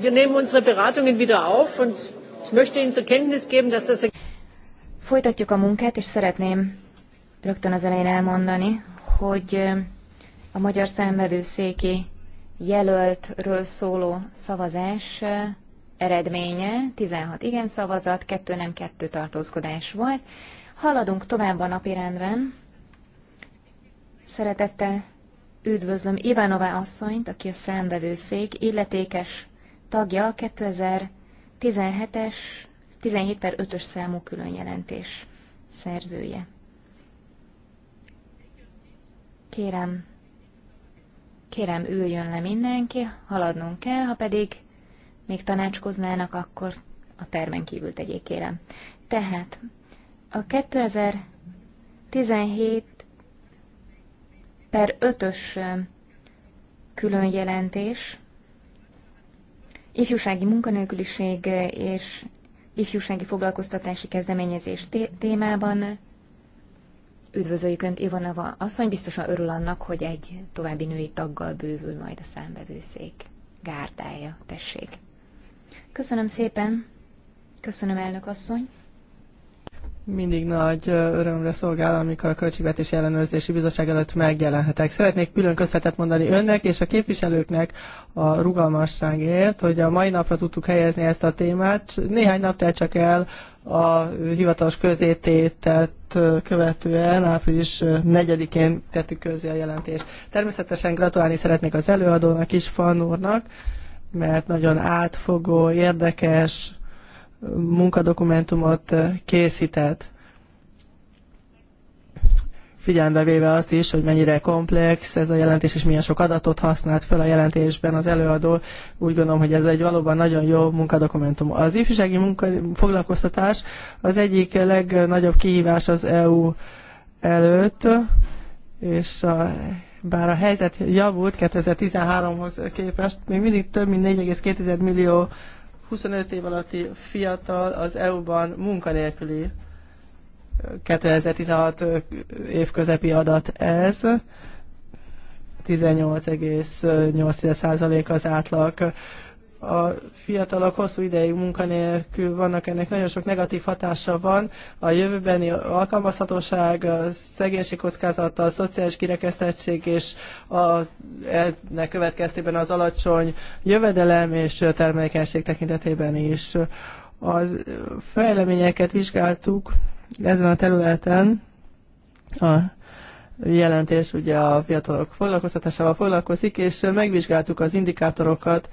Wir nehmen unsere Beratungen wieder auf und ich möchte Ihnen zur Kenntnis geben, dass das... Folytatjuk a munkát, és szeretném rögtön az elején elmondani, hogy a Magyar Számvevőszéki jelöltről szóló szavazás eredménye 16 igen szavazat, 2 nem, 2 tartózkodás volt. Haladunk tovább a napirendben. Szeretettel üdvözlöm Ivanová asszonyt, aki a számvevőszék illetékes tagja 2017-es 17 per 5-ös számú különjelentés szerzője. Kérem, kérem üljön le mindenki, haladnunk kell, ha pedig még tanácskoznának, akkor a termen kívül tegyék, kérem. Tehát a 2017 per 5-ös különjelentés ifjúsági munkanélküliség és ifjúsági foglalkoztatási kezdeményezés témában. Üdvözöljük Önt, Ivanova asszony, biztosan örül annak, hogy egy további női taggal bővül majd a számbevőszék gárdája, tessék. Köszönöm szépen, köszönöm elnök asszony mindig nagy örömre szolgál, amikor a Költségvetési Ellenőrzési Bizottság előtt megjelenhetek. Szeretnék külön köszönetet mondani önnek és a képviselőknek a rugalmasságért, hogy a mai napra tudtuk helyezni ezt a témát. Néhány nap telt csak el a hivatalos közététet követően április 4-én tettük közé a jelentést. Természetesen gratulálni szeretnék az előadónak is, Fan mert nagyon átfogó, érdekes, munkadokumentumot készített. Figyelembe véve azt is, hogy mennyire komplex ez a jelentés, és milyen sok adatot használt fel a jelentésben az előadó, úgy gondolom, hogy ez egy valóban nagyon jó munkadokumentum. Az ifjúsági munka, foglalkoztatás az egyik legnagyobb kihívás az EU előtt, és a bár a helyzet javult 2013-hoz képest, még mindig több mint 4,2 millió 25 év alatti fiatal az EU-ban munkanélküli. 2016 év közepi adat ez. 18,8% az átlag a fiatalok hosszú ideig munkanélkül vannak, ennek nagyon sok negatív hatása van. A jövőbeni alkalmazhatóság, a szegénység kockázata, a szociális kirekesztettség és a, ennek következtében az alacsony jövedelem és termelékenység tekintetében is. A fejleményeket vizsgáltuk ezen a területen. A jelentés ugye a fiatalok foglalkoztatásával foglalkozik, és megvizsgáltuk az indikátorokat,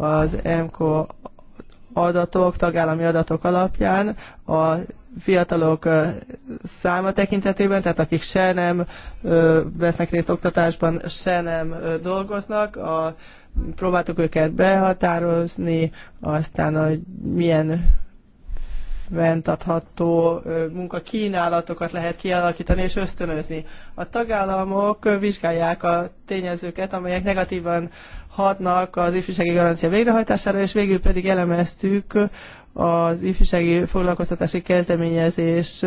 az MK adatok, tagállami adatok alapján a fiatalok száma tekintetében, tehát akik se nem vesznek részt oktatásban, se nem dolgoznak, a, próbáltuk őket behatározni, aztán hogy milyen fenntartható munkakínálatokat lehet kialakítani és ösztönözni. A tagállamok vizsgálják a tényezőket, amelyek negatívan hatnak az ifjúsági garancia végrehajtására, és végül pedig elemeztük az ifjúsági foglalkoztatási kezdeményezés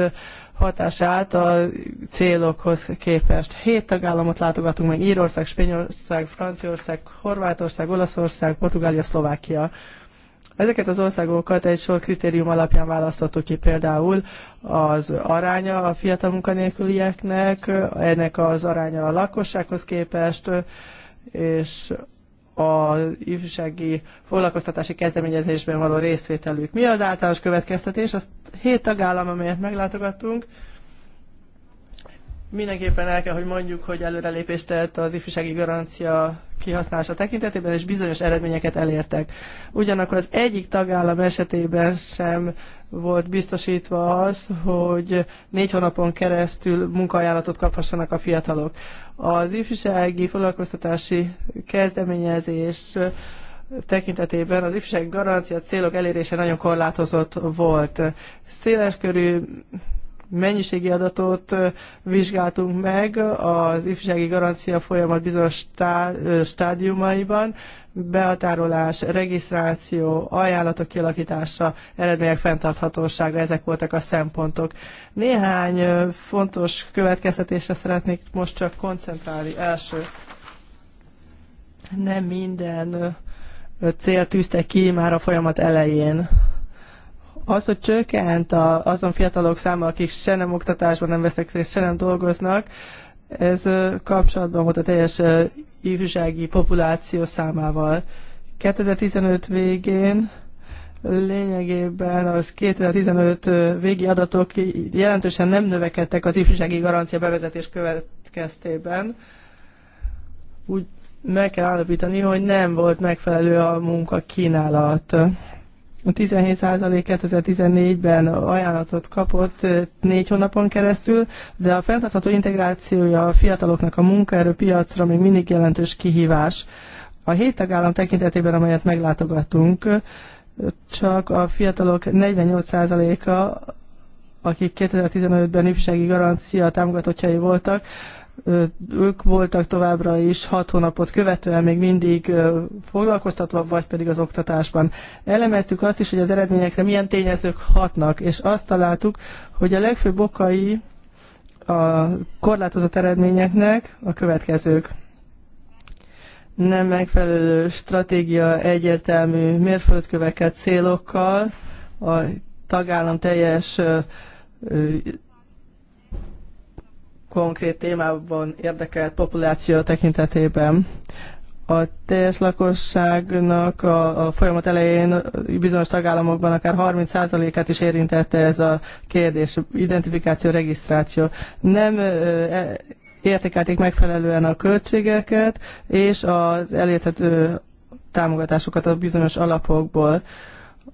hatását a célokhoz képest. Hét tagállamot látogatunk meg, Írország, Spanyolország, Franciaország, Horvátország, Olaszország, Portugália, Szlovákia. Ezeket az országokat egy sor kritérium alapján választottuk ki, például az aránya a fiatal munkanélkülieknek, ennek az aránya a lakossághoz képest, és az ifjúsági foglalkoztatási kezdeményezésben való részvételük. Mi az általános következtetés? Azt hét tagállam, amelyet meglátogattunk, mindenképpen el kell, hogy mondjuk, hogy előrelépést tett az ifjúsági garancia kihasználása tekintetében, és bizonyos eredményeket elértek. Ugyanakkor az egyik tagállam esetében sem volt biztosítva az, hogy négy hónapon keresztül munkaajánlatot kaphassanak a fiatalok. Az ifjúsági foglalkoztatási kezdeményezés tekintetében az ifjúsági garancia célok elérése nagyon korlátozott volt. Széleskörű mennyiségi adatot vizsgáltunk meg az ifjúsági garancia folyamat bizonyos stá, stádiumaiban, behatárolás, regisztráció, ajánlatok kialakítása, eredmények fenntarthatósága, ezek voltak a szempontok. Néhány fontos következtetésre szeretnék most csak koncentrálni. Első, nem minden cél tűzte ki már a folyamat elején. Az, hogy csökkent a, azon fiatalok száma, akik se nem oktatásban nem vesznek részt, se nem dolgoznak, ez kapcsolatban volt a teljes ifjúsági populáció számával. 2015 végén Lényegében az 2015 végi adatok jelentősen nem növekedtek az ifjúsági garancia bevezetés következtében. Úgy meg kell állapítani, hogy nem volt megfelelő a munka kínálat. 17% 2014-ben ajánlatot kapott négy hónapon keresztül, de a fenntartható integrációja a fiataloknak a munkaerőpiacra még mindig jelentős kihívás. A hét tagállam tekintetében, amelyet meglátogatunk, csak a fiatalok 48%-a, akik 2015-ben ifjúsági garancia támogatottjai voltak, ők voltak továbbra is hat hónapot követően még mindig foglalkoztatva, vagy pedig az oktatásban. Elemeztük azt is, hogy az eredményekre milyen tényezők hatnak, és azt találtuk, hogy a legfőbb okai a korlátozott eredményeknek a következők nem megfelelő stratégia egyértelmű mérföldköveket, célokkal, a tagállam teljes konkrét témában érdekelt populáció tekintetében. A teljes lakosságnak a, a folyamat elején bizonyos tagállamokban akár 30%-át is érintette ez a kérdés, identifikáció, regisztráció. Nem e, értékelték megfelelően a költségeket és az elérhető támogatásokat a bizonyos alapokból.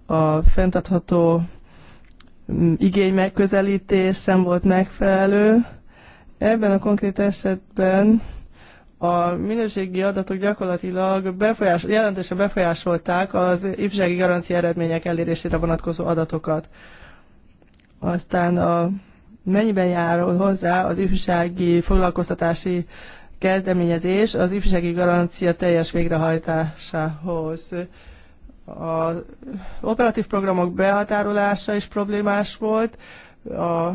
A fenntartható mm, igény megközelítés sem volt megfelelő. Ebben a konkrét esetben a minőségi adatok gyakorlatilag befolyás, jelentősen befolyásolták az ifjúsági garancia eredmények elérésére vonatkozó adatokat. Aztán a mennyiben járul hozzá az ifjúsági foglalkoztatási kezdeményezés az ifjúsági garancia teljes végrehajtásához. Az operatív programok behatárolása is problémás volt. A,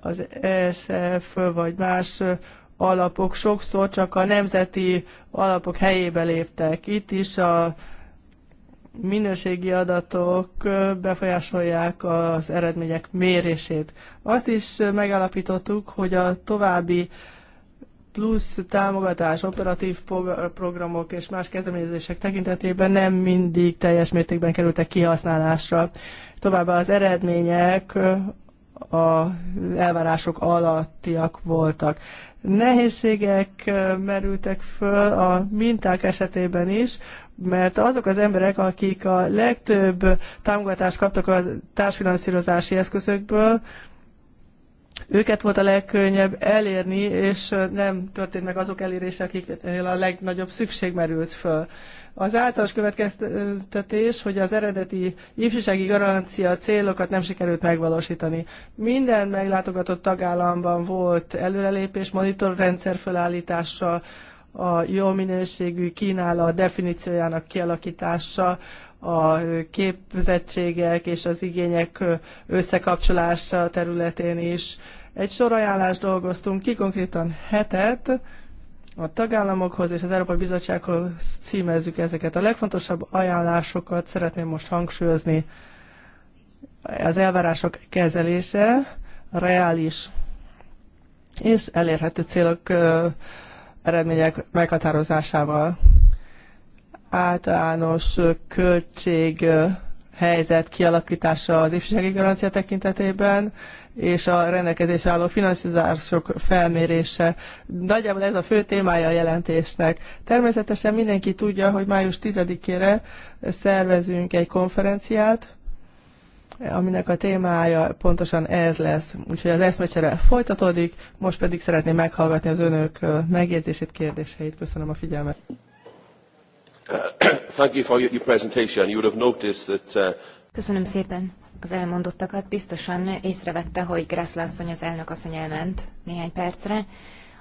az ESF vagy más alapok sokszor csak a nemzeti alapok helyébe léptek. Itt is a minőségi adatok befolyásolják az eredmények mérését. Azt is megállapítottuk, hogy a további plusz támogatás operatív programok és más kezdeményezések tekintetében nem mindig teljes mértékben kerültek kihasználásra. Továbbá az eredmények a elvárások alattiak voltak. Nehézségek merültek föl a minták esetében is, mert azok az emberek, akik a legtöbb támogatást kaptak a társfinanszírozási eszközökből, őket volt a legkönnyebb elérni, és nem történt meg azok elérése, akiknél a legnagyobb szükség merült föl. Az általános következtetés, hogy az eredeti ifjúsági garancia célokat nem sikerült megvalósítani. Minden meglátogatott tagállamban volt előrelépés, monitorrendszer felállítása, a jó minőségű kínálat definíciójának kialakítása, a képzettségek és az igények összekapcsolása területén is. Egy sor ajánlást dolgoztunk ki, konkrétan hetet, a tagállamokhoz és az Európai Bizottsághoz címezzük ezeket. A legfontosabb ajánlásokat szeretném most hangsúlyozni. Az elvárások kezelése reális és elérhető célok eredmények meghatározásával. Általános költség helyzet kialakítása az ifjúsági garancia tekintetében, és a rendelkezésre álló finanszírozások felmérése. Nagyjából ez a fő témája a jelentésnek. Természetesen mindenki tudja, hogy május 10-ére szervezünk egy konferenciát, aminek a témája pontosan ez lesz. Úgyhogy az eszmecsere folytatódik, most pedig szeretném meghallgatni az önök megjegyzését, kérdéseit. Köszönöm a figyelmet. Thank you for your presentation. You would have noticed that, uh... Köszönöm szépen az elmondottakat. Biztosan észrevette, hogy Gressle asszony, az elnök asszony elment néhány percre.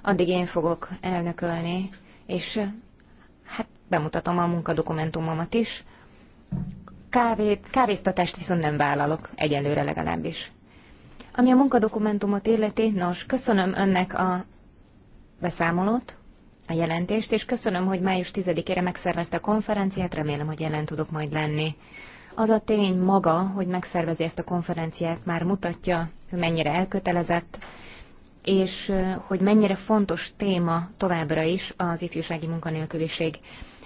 Addig én fogok elnökölni, és hát bemutatom a munkadokumentumomat is. Kávét, kávéztatást viszont nem vállalok, egyelőre legalábbis. Ami a munkadokumentumot illeti, nos, köszönöm önnek a beszámolót, a jelentést, és köszönöm, hogy május 10-ére megszervezte a konferenciát, remélem, hogy jelen tudok majd lenni. Az a tény maga, hogy megszervezi ezt a konferenciát, már mutatja, hogy mennyire elkötelezett, és hogy mennyire fontos téma továbbra is az ifjúsági munkanélküliség.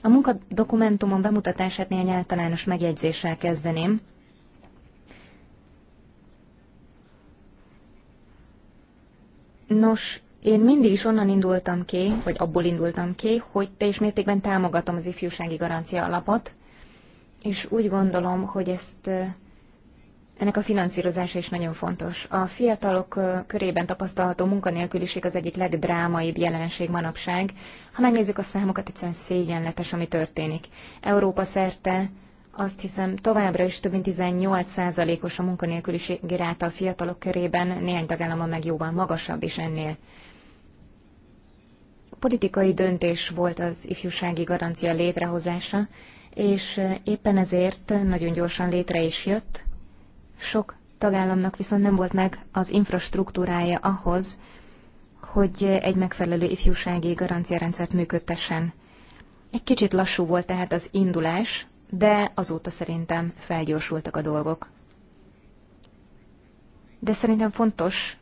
A munkadokumentumon bemutatását néhány általános megjegyzéssel kezdeném. Nos, én mindig is onnan indultam ki, vagy abból indultam ki, hogy teljes mértékben támogatom az ifjúsági garancia alapot, és úgy gondolom, hogy ezt ennek a finanszírozása is nagyon fontos. A fiatalok körében tapasztalható munkanélküliség az egyik legdrámaibb jelenség manapság. Ha megnézzük a számokat, egyszerűen szégyenletes, ami történik. Európa szerte azt hiszem továbbra is több mint 18%-os a munkanélküliség ráta a fiatalok körében, néhány tagállama meg jóval magasabb is ennél. Politikai döntés volt az ifjúsági garancia létrehozása, és éppen ezért nagyon gyorsan létre is jött. Sok tagállamnak viszont nem volt meg az infrastruktúrája ahhoz, hogy egy megfelelő ifjúsági garanciarendszert működtessen. Egy kicsit lassú volt tehát az indulás, de azóta szerintem felgyorsultak a dolgok. De szerintem fontos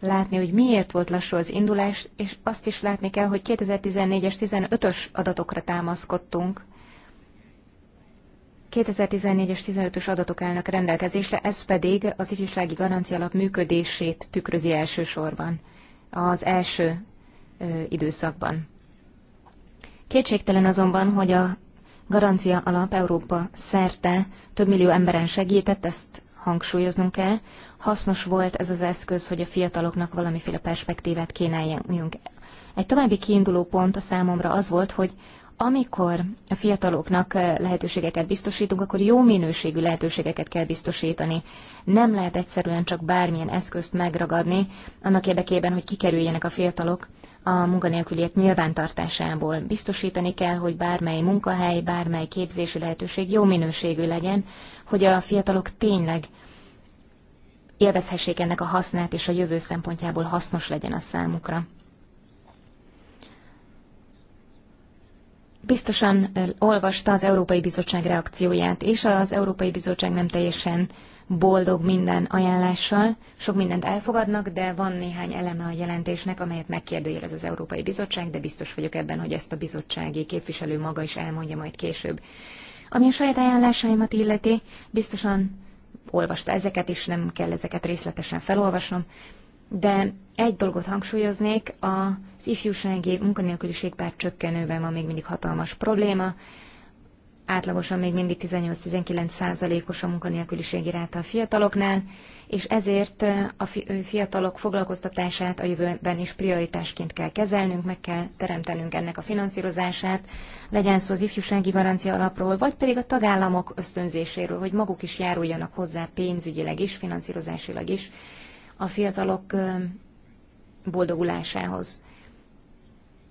látni, hogy miért volt lassú az indulás, és azt is látni kell, hogy 2014-es, 15-ös adatokra támaszkodtunk, 2014 és 15-ös adatok állnak rendelkezésre, ez pedig az ifjúsági garancia alap működését tükrözi elsősorban az első ö, időszakban. Kétségtelen azonban, hogy a garancia alap Európa szerte több millió emberen segített, ezt hangsúlyoznunk kell. Hasznos volt ez az eszköz, hogy a fiataloknak valamiféle perspektívát kínáljunk. Egy további kiinduló pont a számomra az volt, hogy amikor a fiataloknak eh, lehetőségeket biztosítunk, akkor jó minőségű lehetőségeket kell biztosítani. Nem lehet egyszerűen csak bármilyen eszközt megragadni, annak érdekében, hogy kikerüljenek a fiatalok a munkanélküliek nyilvántartásából. Biztosítani kell, hogy bármely munkahely, bármely képzési lehetőség jó minőségű legyen, hogy a fiatalok tényleg élvezhessék ennek a hasznát, és a jövő szempontjából hasznos legyen a számukra. Biztosan olvasta az Európai Bizottság reakcióját, és az Európai Bizottság nem teljesen boldog minden ajánlással. Sok mindent elfogadnak, de van néhány eleme a jelentésnek, amelyet megkérdőjelez az Európai Bizottság, de biztos vagyok ebben, hogy ezt a bizottsági képviselő maga is elmondja majd később. Ami a saját ajánlásaimat illeti, biztosan olvasta ezeket is, nem kell ezeket részletesen felolvasnom de egy dolgot hangsúlyoznék, az ifjúsági munkanélküliség bár csökkenőben van még mindig hatalmas probléma, átlagosan még mindig 18-19 százalékos a munkanélküliségi ráta a fiataloknál, és ezért a fiatalok foglalkoztatását a jövőben is prioritásként kell kezelnünk, meg kell teremtenünk ennek a finanszírozását, legyen szó az ifjúsági garancia alapról, vagy pedig a tagállamok ösztönzéséről, hogy maguk is járuljanak hozzá pénzügyileg is, finanszírozásilag is a fiatalok boldogulásához,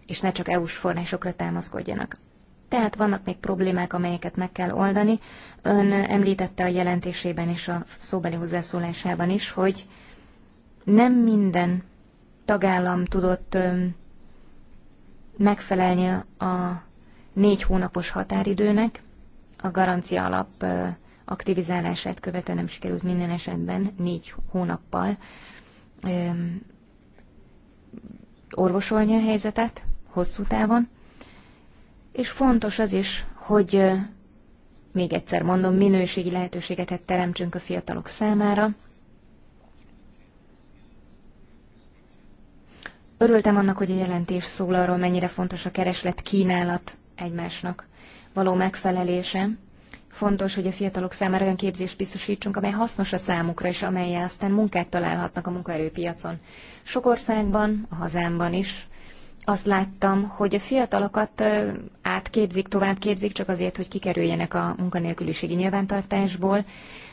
és ne csak EU-s forrásokra támaszkodjanak. Tehát vannak még problémák, amelyeket meg kell oldani. Ön említette a jelentésében és a szóbeli hozzászólásában is, hogy nem minden tagállam tudott megfelelni a négy hónapos határidőnek, a garancia alap aktivizálását követően nem sikerült minden esetben négy hónappal öm, orvosolni a helyzetet hosszú távon. És fontos az is, hogy még egyszer mondom, minőségi lehetőségeket teremtsünk a fiatalok számára. Örültem annak, hogy a jelentés szól arról, mennyire fontos a kereslet kínálat egymásnak való megfelelése. Fontos, hogy a fiatalok számára olyan képzést biztosítsunk, amely hasznos a számukra, és amelyel aztán munkát találhatnak a munkaerőpiacon. Sok országban, a hazámban is, azt láttam, hogy a fiatalokat átképzik, továbbképzik, csak azért, hogy kikerüljenek a munkanélküliségi nyilvántartásból,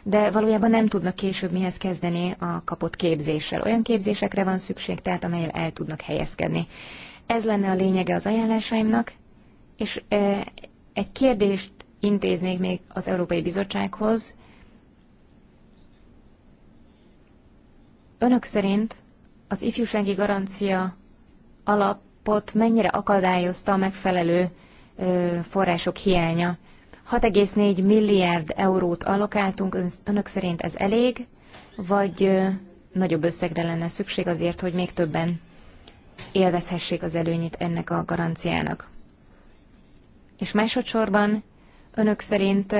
de valójában nem tudnak később mihez kezdeni a kapott képzéssel. Olyan képzésekre van szükség, tehát amelyel el tudnak helyezkedni. Ez lenne a lényege az ajánlásaimnak, és egy kérdést intéznék még az Európai Bizottsághoz. Önök szerint az ifjúsági garancia alapot mennyire akadályozta a megfelelő források hiánya? 6,4 milliárd eurót allokáltunk, önök szerint ez elég, vagy nagyobb összegre lenne szükség azért, hogy még többen élvezhessék az előnyét ennek a garanciának? És másodszorban Önök szerint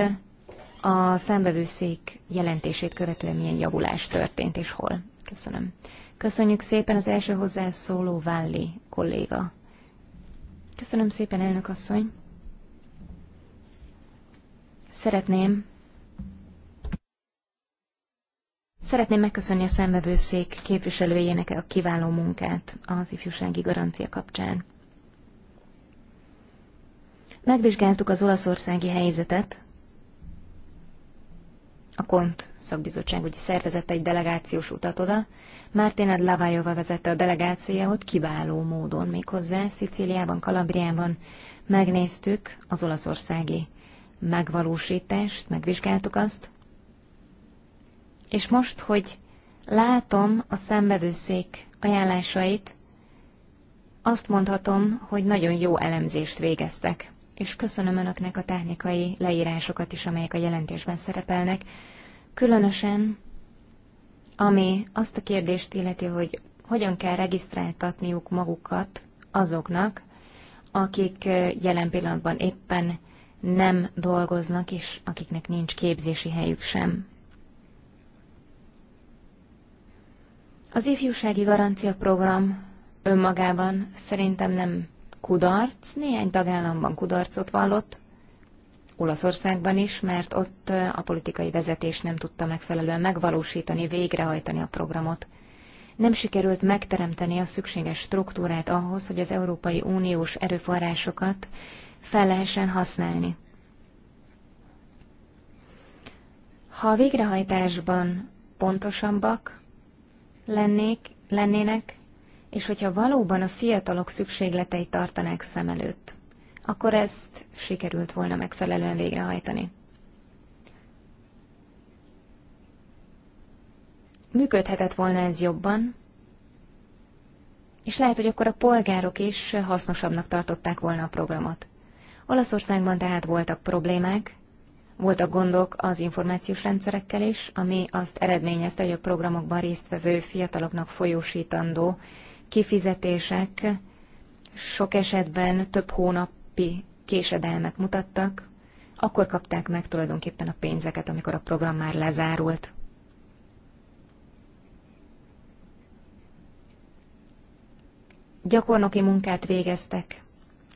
a szembevőszék jelentését követően milyen javulás történt és hol? Köszönöm. Köszönjük szépen az első hozzászóló Válli kolléga. Köszönöm szépen, elnök asszony. Szeretném Szeretném megköszönni a szembevőszék képviselőjének a kiváló munkát az ifjúsági garancia kapcsán. Megvizsgáltuk az olaszországi helyzetet. A KONT szakbizottság ugye szervezett egy delegációs utat oda. Márténed Lavajova vezette a delegációt kiváló módon méghozzá. Szicíliában, Kalabriában megnéztük az olaszországi megvalósítást, megvizsgáltuk azt. És most, hogy látom a szembevőszék ajánlásait, azt mondhatom, hogy nagyon jó elemzést végeztek és köszönöm Önöknek a technikai leírásokat is, amelyek a jelentésben szerepelnek. Különösen, ami azt a kérdést illeti, hogy hogyan kell regisztráltatniuk magukat azoknak, akik jelen pillanatban éppen nem dolgoznak, és akiknek nincs képzési helyük sem. Az ifjúsági garancia program önmagában szerintem nem kudarc, néhány tagállamban kudarcot vallott, Olaszországban is, mert ott a politikai vezetés nem tudta megfelelően megvalósítani, végrehajtani a programot. Nem sikerült megteremteni a szükséges struktúrát ahhoz, hogy az Európai Uniós erőforrásokat fel lehessen használni. Ha a végrehajtásban pontosabbak lennék, lennének, és hogyha valóban a fiatalok szükségleteit tartanák szem előtt, akkor ezt sikerült volna megfelelően végrehajtani. Működhetett volna ez jobban, és lehet, hogy akkor a polgárok is hasznosabbnak tartották volna a programot. Olaszországban tehát voltak problémák, voltak gondok az információs rendszerekkel is, ami azt eredményezte, hogy a programokban résztvevő fiataloknak folyósítandó kifizetések sok esetben több hónapi késedelmet mutattak, akkor kapták meg tulajdonképpen a pénzeket, amikor a program már lezárult. Gyakornoki munkát végeztek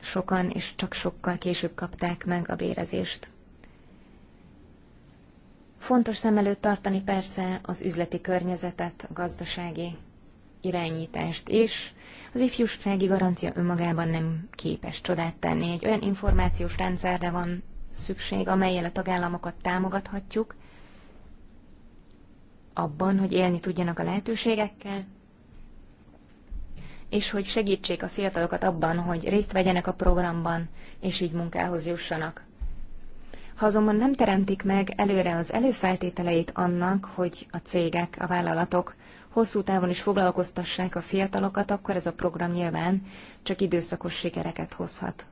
sokan, és csak sokkal később kapták meg a bérezést. Fontos szem előtt tartani persze az üzleti környezetet, a gazdasági irányítást is. Az ifjúsági garancia önmagában nem képes csodát tenni. Egy olyan információs rendszerre van szükség, amelyel a tagállamokat támogathatjuk abban, hogy élni tudjanak a lehetőségekkel, és hogy segítsék a fiatalokat abban, hogy részt vegyenek a programban, és így munkához jussanak. Ha azonban nem teremtik meg előre az előfeltételeit annak, hogy a cégek, a vállalatok hosszú távon is foglalkoztassák a fiatalokat, akkor ez a program nyilván csak időszakos sikereket hozhat.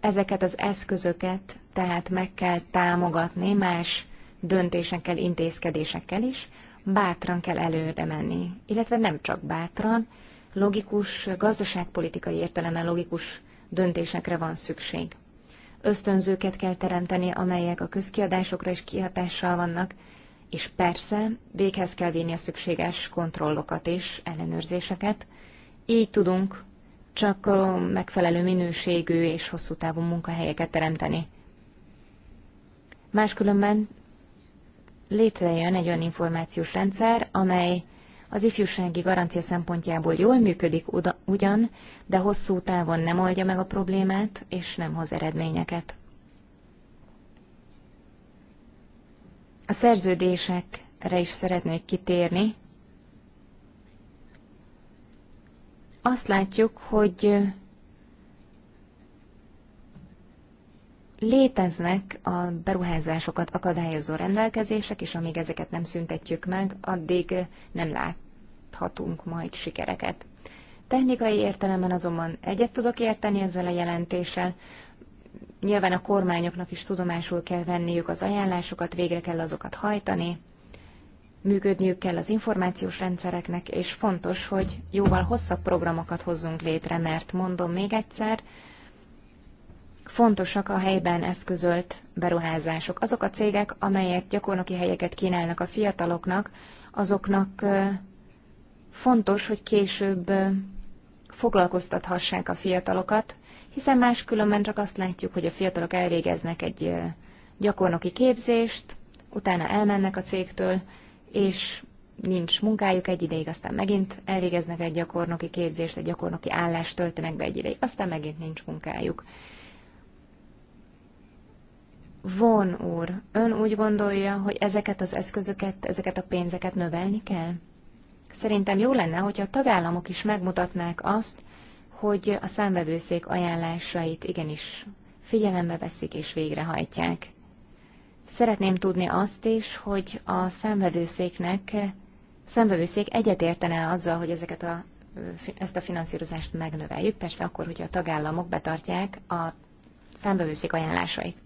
Ezeket az eszközöket tehát meg kell támogatni más döntésekkel, intézkedésekkel is, bátran kell előre menni, illetve nem csak bátran, logikus, gazdaságpolitikai értelemben logikus döntésekre van szükség. Ösztönzőket kell teremteni, amelyek a közkiadásokra is kihatással vannak, és persze véghez kell vinni a szükséges kontrollokat és ellenőrzéseket. Így tudunk csak megfelelő minőségű és hosszú távú munkahelyeket teremteni. Máskülönben létrejön egy olyan információs rendszer, amely az ifjúsági garancia szempontjából jól működik ugyan, de hosszú távon nem oldja meg a problémát, és nem hoz eredményeket. A szerződésekre is szeretnék kitérni. Azt látjuk, hogy léteznek a beruházásokat akadályozó rendelkezések, és amíg ezeket nem szüntetjük meg, addig nem láthatunk majd sikereket. Technikai értelemben azonban egyet tudok érteni ezzel a jelentéssel, Nyilván a kormányoknak is tudomásul kell venniük az ajánlásokat, végre kell azokat hajtani, működniük kell az információs rendszereknek, és fontos, hogy jóval hosszabb programokat hozzunk létre, mert mondom még egyszer, fontosak a helyben eszközölt beruházások. Azok a cégek, amelyek gyakornoki helyeket kínálnak a fiataloknak, azoknak fontos, hogy később foglalkoztathassák a fiatalokat, hiszen máskülönben csak azt látjuk, hogy a fiatalok elvégeznek egy gyakornoki képzést, utána elmennek a cégtől, és nincs munkájuk egy ideig, aztán megint elvégeznek egy gyakornoki képzést, egy gyakornoki állást töltenek be egy ideig, aztán megint nincs munkájuk. Von úr, ön úgy gondolja, hogy ezeket az eszközöket, ezeket a pénzeket növelni kell? Szerintem jó lenne, hogyha a tagállamok is megmutatnák azt, hogy a számvevőszék ajánlásait igenis figyelembe veszik és végrehajtják. Szeretném tudni azt is, hogy a számvevőszéknek, számvevőszék egyetértene azzal, hogy ezeket a, ezt a finanszírozást megnöveljük, persze akkor, hogyha a tagállamok betartják a számvevőszék ajánlásait.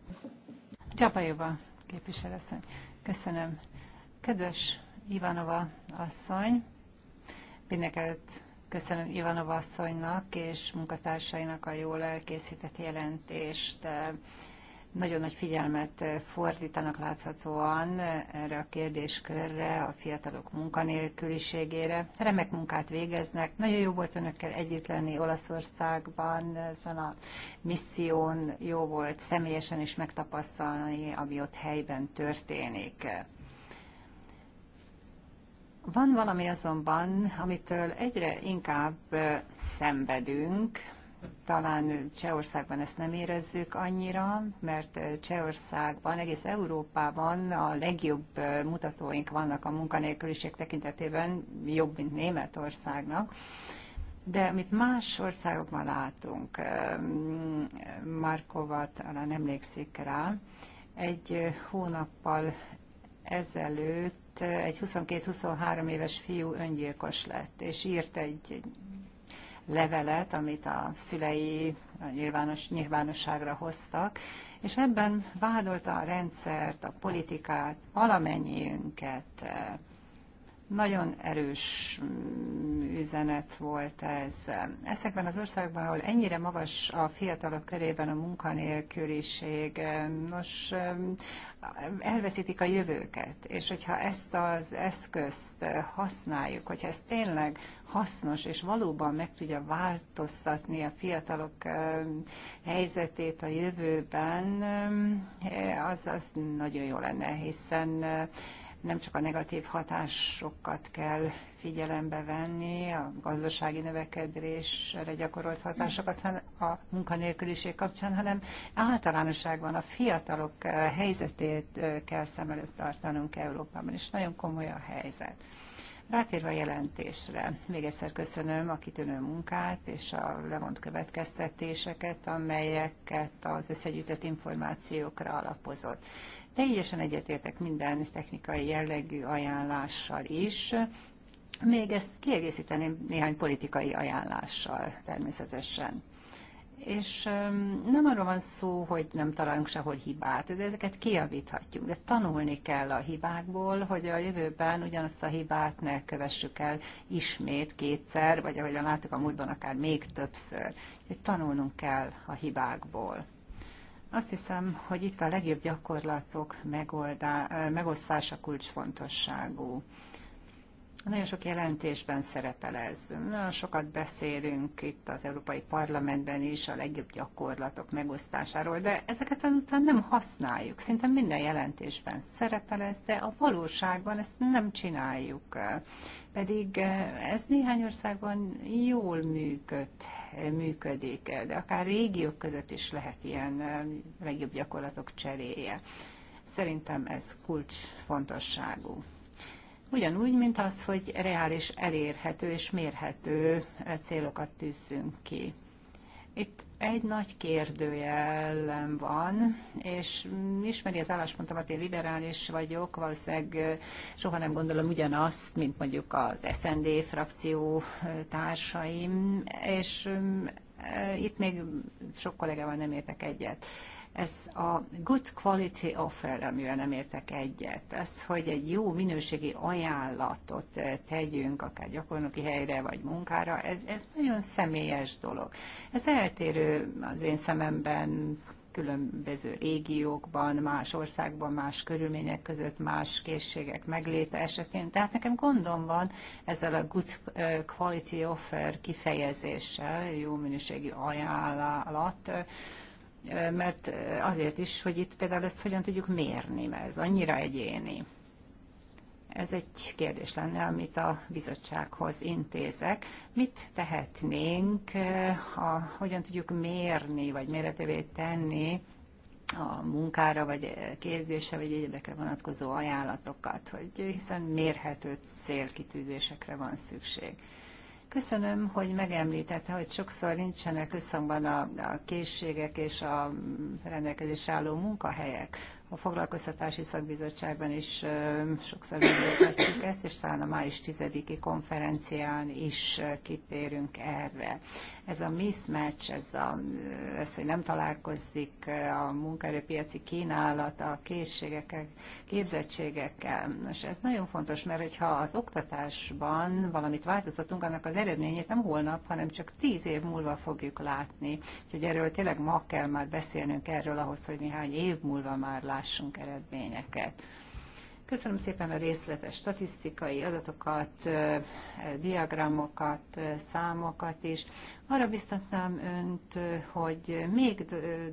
Jóba, képviselőasszony. Köszönöm. Kedves Ivanova asszony, mindenkelőtt Köszönöm Ivanov asszonynak és munkatársainak a jól elkészített jelentést. Nagyon nagy figyelmet fordítanak láthatóan erre a kérdéskörre, a fiatalok munkanélküliségére. Remek munkát végeznek. Nagyon jó volt önökkel együtt lenni Olaszországban, ezen a misszión jó volt személyesen is megtapasztalni, ami ott helyben történik. Van valami azonban, amitől egyre inkább szenvedünk, talán Csehországban ezt nem érezzük annyira, mert Csehországban, egész Európában a legjobb mutatóink vannak a munkanélküliség tekintetében, jobb, mint Németországnak. De amit más országokban látunk, Markovat talán emlékszik rá, egy hónappal ezelőtt egy 22-23 éves fiú öngyilkos lett, és írt egy levelet, amit a szülei a nyilvános, nyilvánosságra hoztak, és ebben vádolta a rendszert, a politikát, valamennyiünket. Nagyon erős üzenet volt ez. Ezekben az országban, ahol ennyire magas a fiatalok körében a munkanélküliség, nos, elveszítik a jövőket, és hogyha ezt az eszközt használjuk, hogyha ez tényleg hasznos, és valóban meg tudja változtatni a fiatalok helyzetét a jövőben, az, az nagyon jó lenne, hiszen nem csak a negatív hatásokat kell figyelembe venni, a gazdasági növekedésre gyakorolt hatásokat a munkanélküliség kapcsán, hanem általánosságban a fiatalok eh, helyzetét eh, kell szem előtt tartanunk Európában, és nagyon komoly a helyzet. Rátérve a jelentésre, még egyszer köszönöm a kitűnő munkát és a levont következtetéseket, amelyeket az összegyűjtött információkra alapozott. Teljesen egyetértek minden technikai jellegű ajánlással is. Még ezt kiegészíteném néhány politikai ajánlással természetesen. És nem arról van szó, hogy nem találunk sehol hibát, de ezeket kiavíthatjuk, de tanulni kell a hibákból, hogy a jövőben ugyanazt a hibát ne kövessük el ismét kétszer, vagy ahogyan láttuk a múltban, akár még többször. Hogy tanulnunk kell a hibákból. Azt hiszem, hogy itt a legjobb gyakorlatok megoldá, megosztása kulcsfontosságú. Nagyon sok jelentésben szerepel ez. Nagyon sokat beszélünk itt az Európai Parlamentben is a legjobb gyakorlatok megosztásáról, de ezeket azután nem használjuk. Szinte minden jelentésben szerepel ez, de a valóságban ezt nem csináljuk. Pedig ez néhány országban jól működ, működik, de akár régiók között is lehet ilyen legjobb gyakorlatok cseréje. Szerintem ez kulcsfontosságú ugyanúgy, mint az, hogy reális, elérhető és mérhető célokat tűzzünk ki. Itt egy nagy kérdőjellem van, és ismeri az álláspontomat, én liberális vagyok, valószínűleg soha nem gondolom ugyanazt, mint mondjuk az SND frakció társaim, és itt még sok kollégával nem értek egyet. Ez a good quality offer, amivel nem értek egyet, ez, hogy egy jó minőségi ajánlatot eh, tegyünk, akár gyakornoki helyre vagy munkára, ez, ez nagyon személyes dolog. Ez eltérő az én szememben különböző régiókban, más országban, más körülmények között, más készségek megléte esetén. Tehát nekem gondom van ezzel a good eh, quality offer kifejezéssel, jó minőségi ajánlat eh, mert azért is, hogy itt például ezt hogyan tudjuk mérni, mert ez annyira egyéni. Ez egy kérdés lenne, amit a bizottsághoz intézek. Mit tehetnénk, ha hogyan tudjuk mérni, vagy méretővé tenni a munkára, vagy képzésre, vagy egyedekre vonatkozó ajánlatokat, hogy hiszen mérhető célkitűzésekre van szükség. Köszönöm, hogy megemlítette, hogy sokszor nincsenek összhangban a, a készségek és a rendelkezés álló munkahelyek. A foglalkoztatási szakbizottságban is ö, sokszor megmutatjuk ezt, és talán a május 10-i konferencián is kitérünk erre ez a mismatch, ez, a, ez hogy nem találkozik a munkaerőpiaci kínálat a készségekkel, képzettségekkel. És ez nagyon fontos, mert hogyha az oktatásban valamit változtatunk, annak az eredményét nem holnap, hanem csak tíz év múlva fogjuk látni. Úgyhogy erről tényleg ma kell már beszélnünk erről ahhoz, hogy néhány év múlva már lássunk eredményeket. Köszönöm szépen a részletes statisztikai adatokat, diagramokat, számokat is. Arra biztatnám önt, hogy még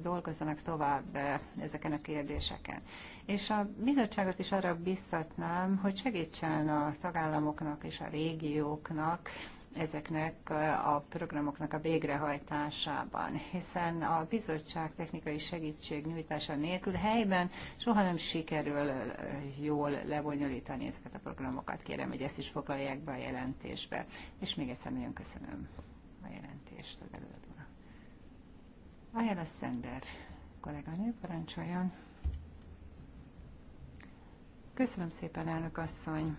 dolgozzanak tovább ezeken a kérdéseken. És a bizottságot is arra biztatnám, hogy segítsen a tagállamoknak és a régióknak ezeknek a programoknak a végrehajtásában, hiszen a bizottság technikai segítség nyújtása nélkül helyben soha nem sikerül jól lebonyolítani ezeket a programokat. Kérem, hogy ezt is foglalják be a jelentésbe. És még egyszer nagyon köszönöm a jelentést az előadónak. a Szender kolléganő, parancsoljon. Köszönöm szépen, elnök asszony!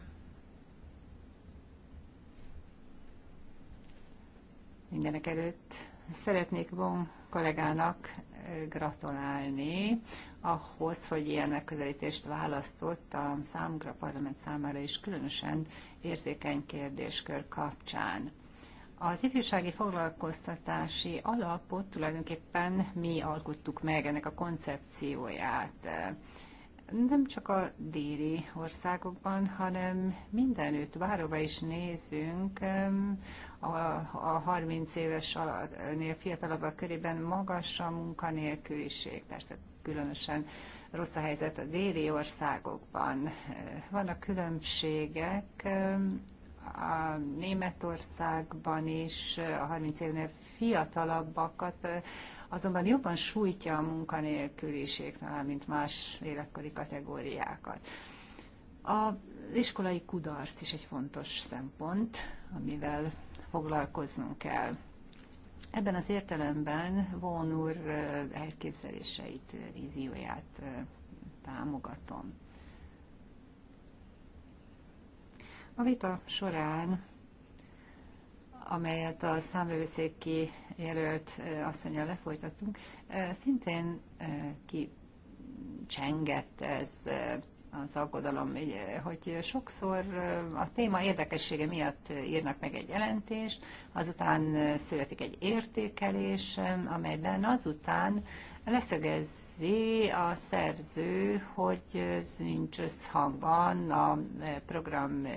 Mindenek előtt szeretnék von kollégának gratulálni ahhoz, hogy ilyen megközelítést választott a számukra, a parlament számára is különösen érzékeny kérdéskör kapcsán. Az ifjúsági foglalkoztatási alapot tulajdonképpen mi alkottuk meg ennek a koncepcióját nem csak a déli országokban, hanem mindenütt, bárhova is nézünk, a, a 30 évesnél fiatalabbak körében magas a munkanélküliség, persze különösen rossz a helyzet a déli országokban. Vannak különbségek a Németországban is a 30 évnél fiatalabbakat azonban jobban sújtja a munkanélküliség, mint más életkori kategóriákat. Az iskolai kudarc is egy fontos szempont, amivel foglalkoznunk kell. Ebben az értelemben Von úr elképzeléseit, vízióját támogatom. A vita során, amelyet a számvevőszéki jelölt asszonyjal lefolytattunk, szintén ki csengett ez az aggodalom, hogy sokszor a téma érdekessége miatt írnak meg egy jelentést, azután születik egy értékelés, amelyben azután leszögezi a szerző, hogy nincs összhangban a program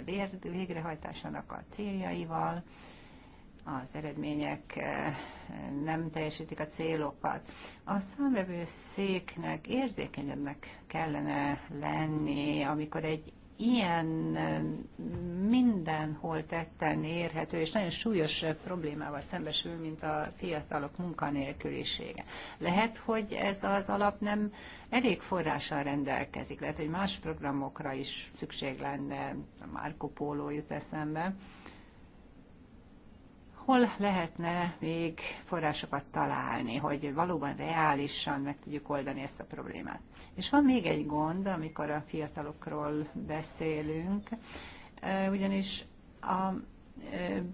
végrehajtásának a céljaival, az eredmények eh, nem teljesítik a célokat. A számvevő széknek érzékenyebbnek kellene lenni, amikor egy ilyen eh, mindenhol tetten érhető és nagyon súlyos problémával szembesül, mint a fiatalok munkanélkülisége. Lehet, hogy ez az alap nem elég forrással rendelkezik, lehet, hogy más programokra is szükség lenne, a Marco Polo jut eszembe, hol lehetne még forrásokat találni, hogy valóban reálisan meg tudjuk oldani ezt a problémát. És van még egy gond, amikor a fiatalokról beszélünk, ugyanis a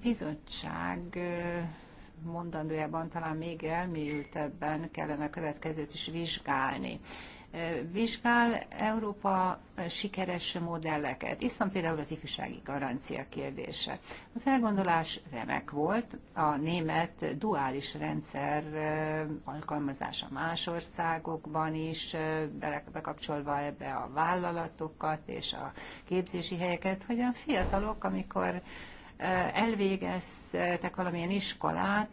bizottság mondandójában talán még elmélyültebben kellene a következőt is vizsgálni vizsgál Európa sikeres modelleket. Itt például az ifjúsági garancia kérdése. Az elgondolás remek volt, a német duális rendszer alkalmazása más országokban is, bekapcsolva ebbe a vállalatokat és a képzési helyeket, hogy a fiatalok, amikor elvégeztek valamilyen iskolát,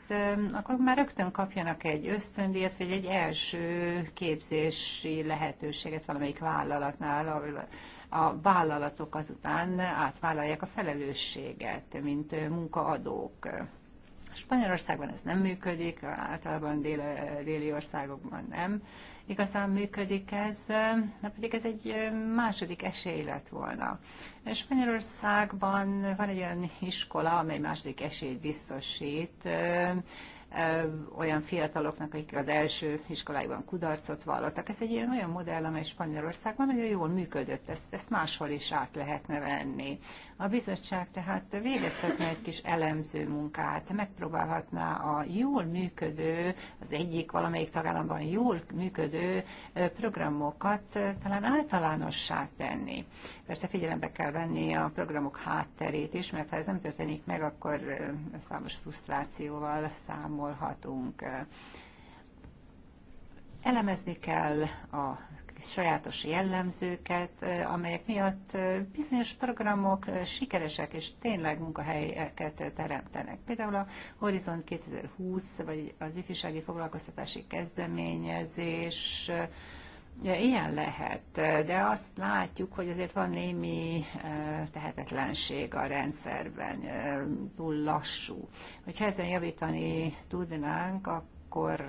akkor már rögtön kapjanak egy ösztöndíjat, vagy egy első képzési lehetőséget valamelyik vállalatnál, ahol a vállalatok azután átvállalják a felelősséget, mint munkaadók. Spanyolországban ez nem működik, általában déli országokban nem, igazán működik ez, na pedig ez egy második esély lett volna. Spanyolországban van egy olyan iskola, amely második esélyt biztosít, olyan fiataloknak, akik az első iskoláiban kudarcot vallottak. Ez egy ilyen olyan modell, amely Spanyolországban nagyon jól működött, ezt, ezt máshol is át lehetne venni. A bizottság tehát végezhetne egy kis elemző munkát, megpróbálhatná a jól működő, az egyik valamelyik tagállamban jól működő programokat talán általánossá tenni. Persze figyelembe kell venni a programok hátterét is, mert ha ez nem történik meg, akkor számos frusztrációval számol számolhatunk. Elemezni kell a sajátos jellemzőket, amelyek miatt bizonyos programok sikeresek és tényleg munkahelyeket teremtenek. Például a Horizont 2020 vagy az ifjúsági foglalkoztatási kezdeményezés Ja, ilyen lehet, de azt látjuk, hogy azért van némi tehetetlenség a rendszerben, túl lassú. Hogyha ezen javítani tudnánk, akkor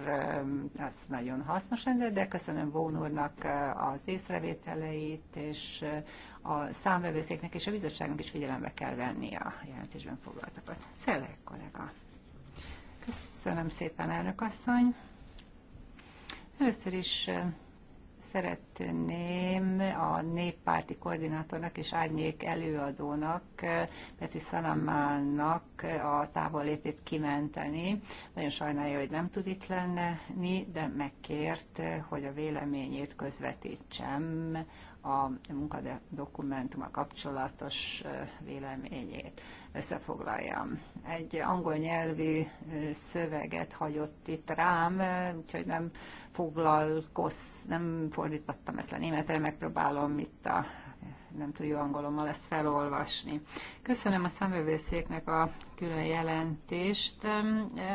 az nagyon hasznos lenne, de köszönöm Bón úrnak az észrevételeit, és a számvevőszéknek és a bizottságnak is figyelembe kell venni a jelentésben foglaltakat. Szellek, kollega! Köszönöm szépen, elnök asszony! Először is szeretném a néppárti koordinátornak és árnyék előadónak, Peti Szanamának a távolétét kimenteni. Nagyon sajnálja, hogy nem tud itt lenni, de megkért, hogy a véleményét közvetítsem a munkadokumentuma kapcsolatos véleményét összefoglaljam. Egy angol nyelvű szöveget hagyott itt rám, úgyhogy nem foglalkoz, nem fordítottam ezt a németre, megpróbálom itt a nem túl jó angolommal ezt felolvasni. Köszönöm a számvevőszéknek a külön jelentést.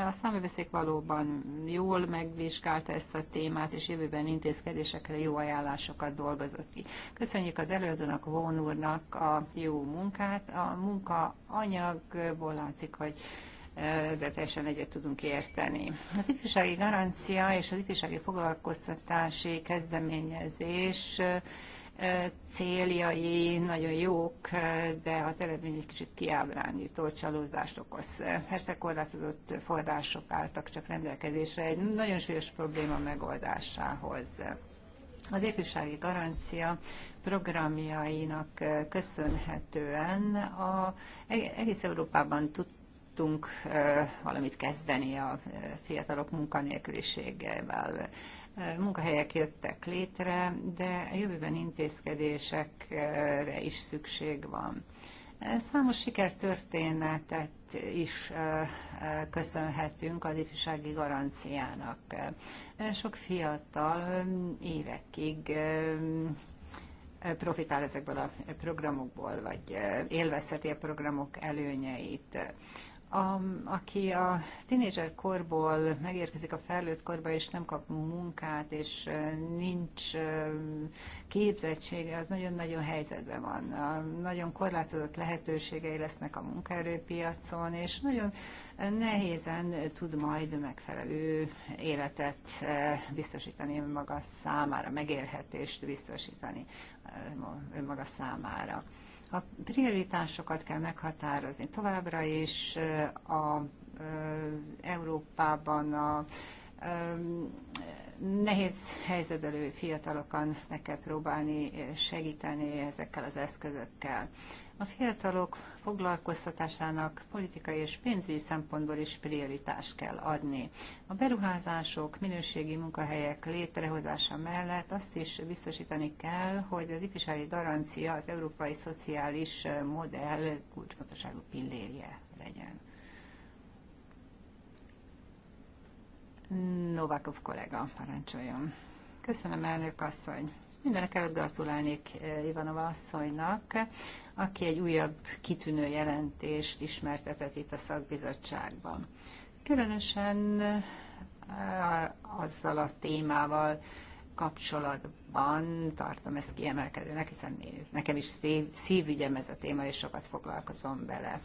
A számvevőszék valóban jól megvizsgálta ezt a témát, és jövőben intézkedésekre jó ajánlásokat dolgozott ki. Köszönjük az előadónak, Vón úrnak a jó munkát. A munka anyagból látszik, hogy ezzel teljesen egyet tudunk érteni. Az ifjúsági garancia és az ifjúsági foglalkoztatási kezdeményezés céljai nagyon jók, de az eredmény egy kicsit kiábrándító csalódást okoz. Persze korlátozott források álltak csak rendelkezésre egy nagyon súlyos probléma megoldásához. Az ifjúsági garancia programjainak köszönhetően a, e-, egész Európában tud, tudtunk valamit kezdeni a fiatalok munkanélküliségével. Munkahelyek jöttek létre, de a jövőben intézkedésekre is szükség van. Számos sikertörténetet is köszönhetünk az ifjúsági garanciának. Sok fiatal évekig profitál ezekből a programokból, vagy élvezheti a programok előnyeit a, aki a tínézser korból megérkezik a felnőtt korba, és nem kap munkát, és nincs képzettsége, az nagyon-nagyon helyzetben van. Nagyon korlátozott lehetőségei lesznek a munkaerőpiacon, és nagyon nehézen tud majd megfelelő életet biztosítani önmaga számára, megélhetést biztosítani önmaga számára. A prioritásokat kell meghatározni továbbra is a, a Európában a nehéz helyzetelő fiatalokon meg kell próbálni segíteni ezekkel az eszközökkel. A fiatalok foglalkoztatásának politikai és pénzügyi szempontból is prioritást kell adni. A beruházások, minőségi munkahelyek létrehozása mellett azt is biztosítani kell, hogy az ifjúsági garancia az európai szociális modell kulcsfontosságú pillérje legyen. Novakov kollega, parancsoljon. Köszönöm, elnök asszony. Mindenek előtt gratulálnék eh, Ivanova asszonynak aki egy újabb kitűnő jelentést ismertetett itt a szakbizottságban. Különösen eh, azzal a témával kapcsolatban tartom ezt kiemelkedőnek, hiszen nekem is szív, szívügyem ez a téma, és sokat foglalkozom bele.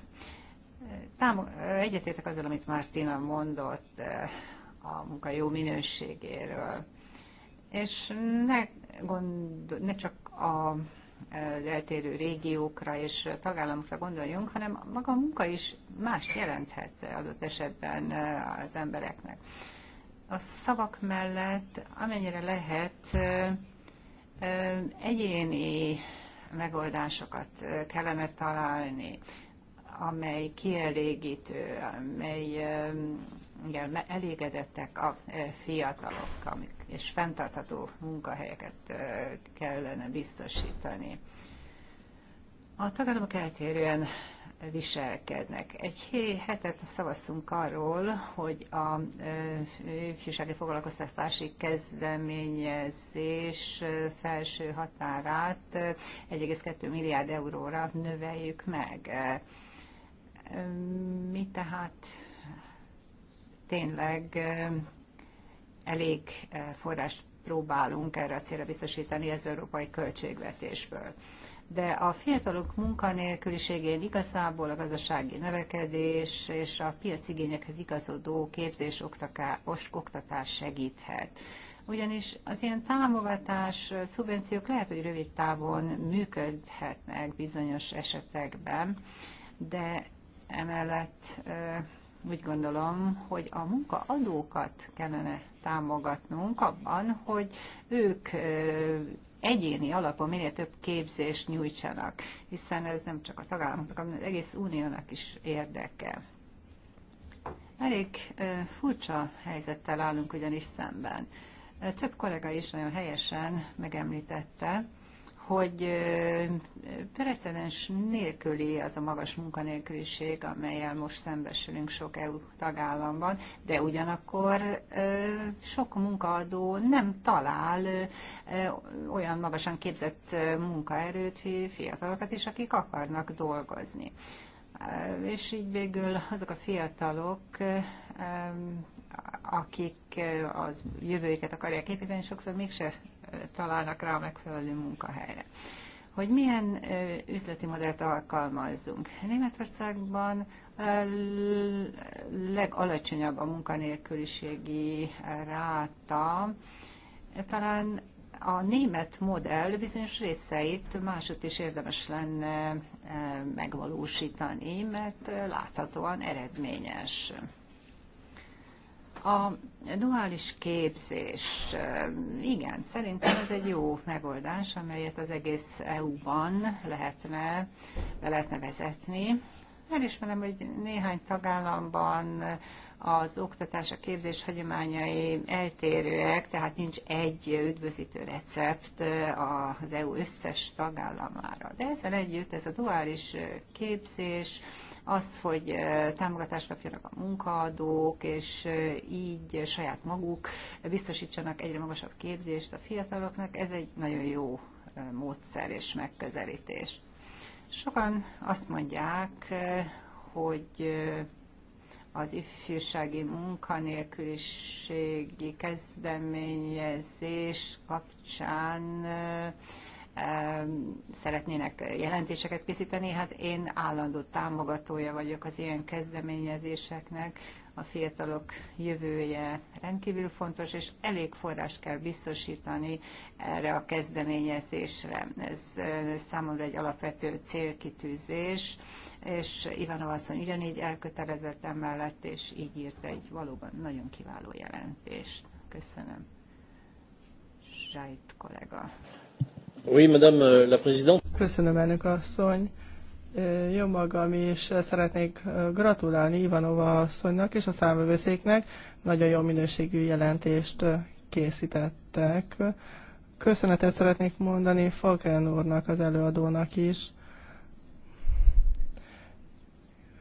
egyetértek azzal, amit Martina mondott eh, a munka jó minőségéről, és ne, gond, ne csak a eltérő régiókra és tagállamokra gondoljunk, hanem maga a munka is más jelenthet adott esetben eh, az embereknek. A szavak mellett amennyire lehet eh, eh, egyéni megoldásokat kellene találni, amely kielégítő, amely igen, elégedettek a e, fiatalok, amik, és fenntartható munkahelyeket e, kellene biztosítani. A tagállamok eltérően viselkednek. Egy hetet szavaztunk arról, hogy a e, ifjúsági foglalkoztatási kezdeményezés felső határát 1,2 milliárd euróra növeljük meg. Mi tehát tényleg elég forrást próbálunk erre a célra biztosítani az európai költségvetésből. De a fiatalok munkanélküliségén igazából a gazdasági növekedés és a piacigényekhez igazodó képzés oktatás segíthet. Ugyanis az ilyen támogatás, szubvenciók lehet, hogy rövid távon működhetnek bizonyos esetekben, de emellett úgy gondolom, hogy a munkaadókat kellene támogatnunk abban, hogy ők egyéni alapon minél több képzést nyújtsanak, hiszen ez nem csak a tagállamoknak, hanem az egész uniónak is érdeke. Elég furcsa helyzettel állunk ugyanis szemben. Több kollega is nagyon helyesen megemlítette, hogy precedens nélküli az a magas munkanélküliség, amelyel most szembesülünk sok EU tagállamban, de ugyanakkor sok munkaadó nem talál olyan magasan képzett munkaerőt, fiatalokat is, akik akarnak dolgozni. És így végül azok a fiatalok, akik az jövőjüket akarják építeni, sokszor mégse találnak rá a megfelelő munkahelyre. Hogy milyen üzleti modellt alkalmazzunk. Németországban legalacsonyabb a munkanélküliségi ráta. Talán a német modell bizonyos részeit máshogy is érdemes lenne megvalósítani, mert láthatóan eredményes. A duális képzés, eh, igen, szerintem ez egy jó megoldás, amelyet az egész EU-ban lehetne, be lehetne vezetni, Elismerem, hogy néhány tagállamban az oktatás, a képzés hagyományai eltérőek, tehát nincs egy üdvözítő recept az EU összes tagállamára. De ezzel együtt ez a duális képzés, az, hogy támogatást kapjanak a munkaadók, és így saját maguk biztosítsanak egyre magasabb képzést a fiataloknak, ez egy nagyon jó módszer és megközelítés. Sokan azt mondják, eh, hogy eh, az ifjúsági munkanélküliségi kezdeményezés kapcsán eh, szeretnének jelentéseket készíteni. Hát én állandó támogatója vagyok az ilyen kezdeményezéseknek. A fiatalok jövője rendkívül fontos, és elég forrás kell biztosítani erre a kezdeményezésre. Ez számomra egy alapvető célkitűzés, és Ivanov asszony ugyanígy elkötelezett emellett, és így írt egy valóban nagyon kiváló jelentést. Köszönöm. Zsájt kollega. Oui, madame euh, la présidente. Köszönöm, elnök asszony. Jó magam is szeretnék gratulálni Ivanova asszonynak és a számvevőszéknek. Nagyon jó minőségű jelentést készítettek. Köszönetet szeretnék mondani Falken úrnak, az előadónak is.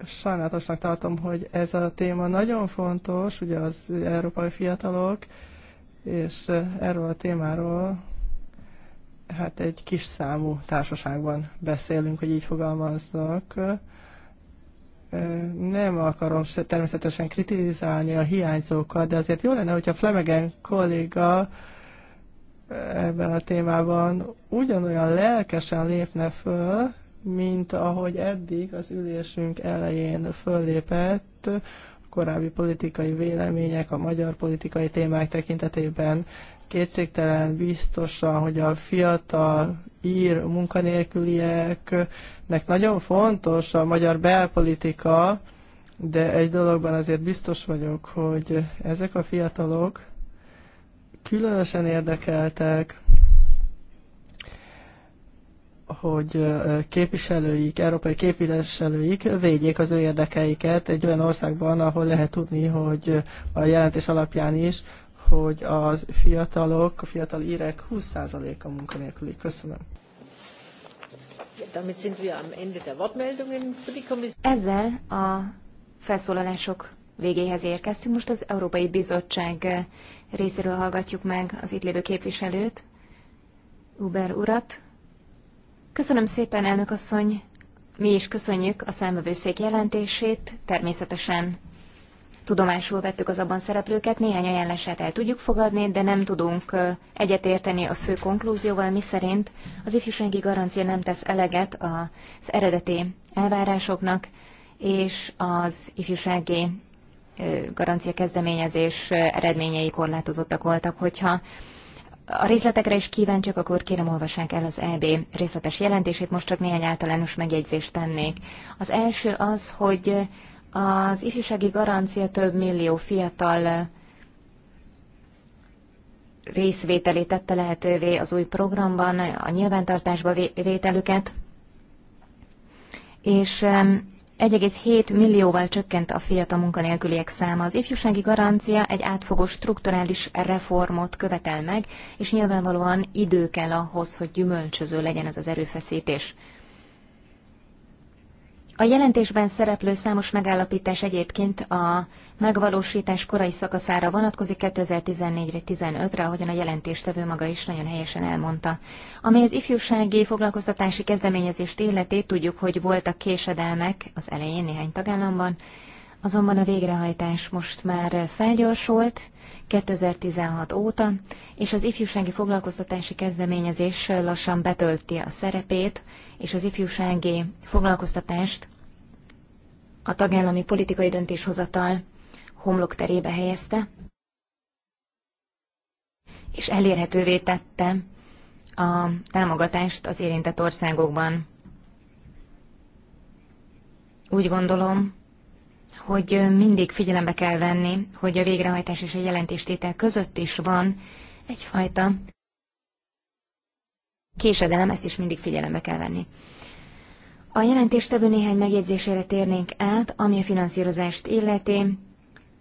Sajnálatosnak tartom, hogy ez a téma nagyon fontos, ugye az európai fiatalok, és erről a témáról hát egy kis számú társaságban beszélünk, hogy így fogalmazzak. Nem akarom természetesen kritizálni a hiányzókat, de azért jó lenne, hogyha Flemegen kolléga ebben a témában ugyanolyan lelkesen lépne föl, mint ahogy eddig az ülésünk elején föllépett korábbi politikai vélemények, a magyar politikai témák tekintetében kétségtelen biztosan, hogy a fiatal ír munkanélkülieknek nagyon fontos a magyar belpolitika, de egy dologban azért biztos vagyok, hogy ezek a fiatalok különösen érdekeltek, hogy képviselőik, európai képviselőik védjék az ő érdekeiket egy olyan országban, ahol lehet tudni, hogy a jelentés alapján is hogy az fiatalok, a fiatal írek 20%-a munkanélküli. Köszönöm. Ezzel a felszólalások végéhez érkeztünk. Most az Európai Bizottság részéről hallgatjuk meg az itt lévő képviselőt, Uber urat. Köszönöm szépen, elnök asszony! Mi is köszönjük a számövőszék jelentését, természetesen tudomásul vettük az abban szereplőket, néhány ajánlását el tudjuk fogadni, de nem tudunk egyetérteni a fő konklúzióval, miszerint az ifjúsági garancia nem tesz eleget az eredeti elvárásoknak, és az ifjúsági garancia kezdeményezés eredményei korlátozottak voltak, hogyha a részletekre is kíváncsiak, akkor kérem olvassák el az EB részletes jelentését, most csak néhány általános megjegyzést tennék. Az első az, hogy az ifjúsági garancia több millió fiatal részvételét tette lehetővé az új programban, a nyilvántartásba vételüket, és 1,7 millióval csökkent a fiatal munkanélküliek száma. Az ifjúsági garancia egy átfogó strukturális reformot követel meg, és nyilvánvalóan idő kell ahhoz, hogy gyümölcsöző legyen ez az erőfeszítés. A jelentésben szereplő számos megállapítás egyébként a megvalósítás korai szakaszára vonatkozik 2014-re, 15-re, ahogyan a jelentéstevő maga is nagyon helyesen elmondta. Ami az ifjúsági foglalkoztatási kezdeményezést illeti, tudjuk, hogy voltak késedelmek az elején néhány tagállamban, azonban a végrehajtás most már felgyorsult 2016 óta, és az ifjúsági foglalkoztatási kezdeményezés lassan betölti a szerepét, és az ifjúsági foglalkoztatást a tagállami politikai döntéshozatal homlokterébe helyezte, és elérhetővé tette a támogatást az érintett országokban. Úgy gondolom, hogy mindig figyelembe kell venni, hogy a végrehajtás és a jelentéstétel között is van egyfajta késedelem, ezt is mindig figyelembe kell venni. A jelentéstevő néhány megjegyzésére térnénk át, ami a finanszírozást illeti.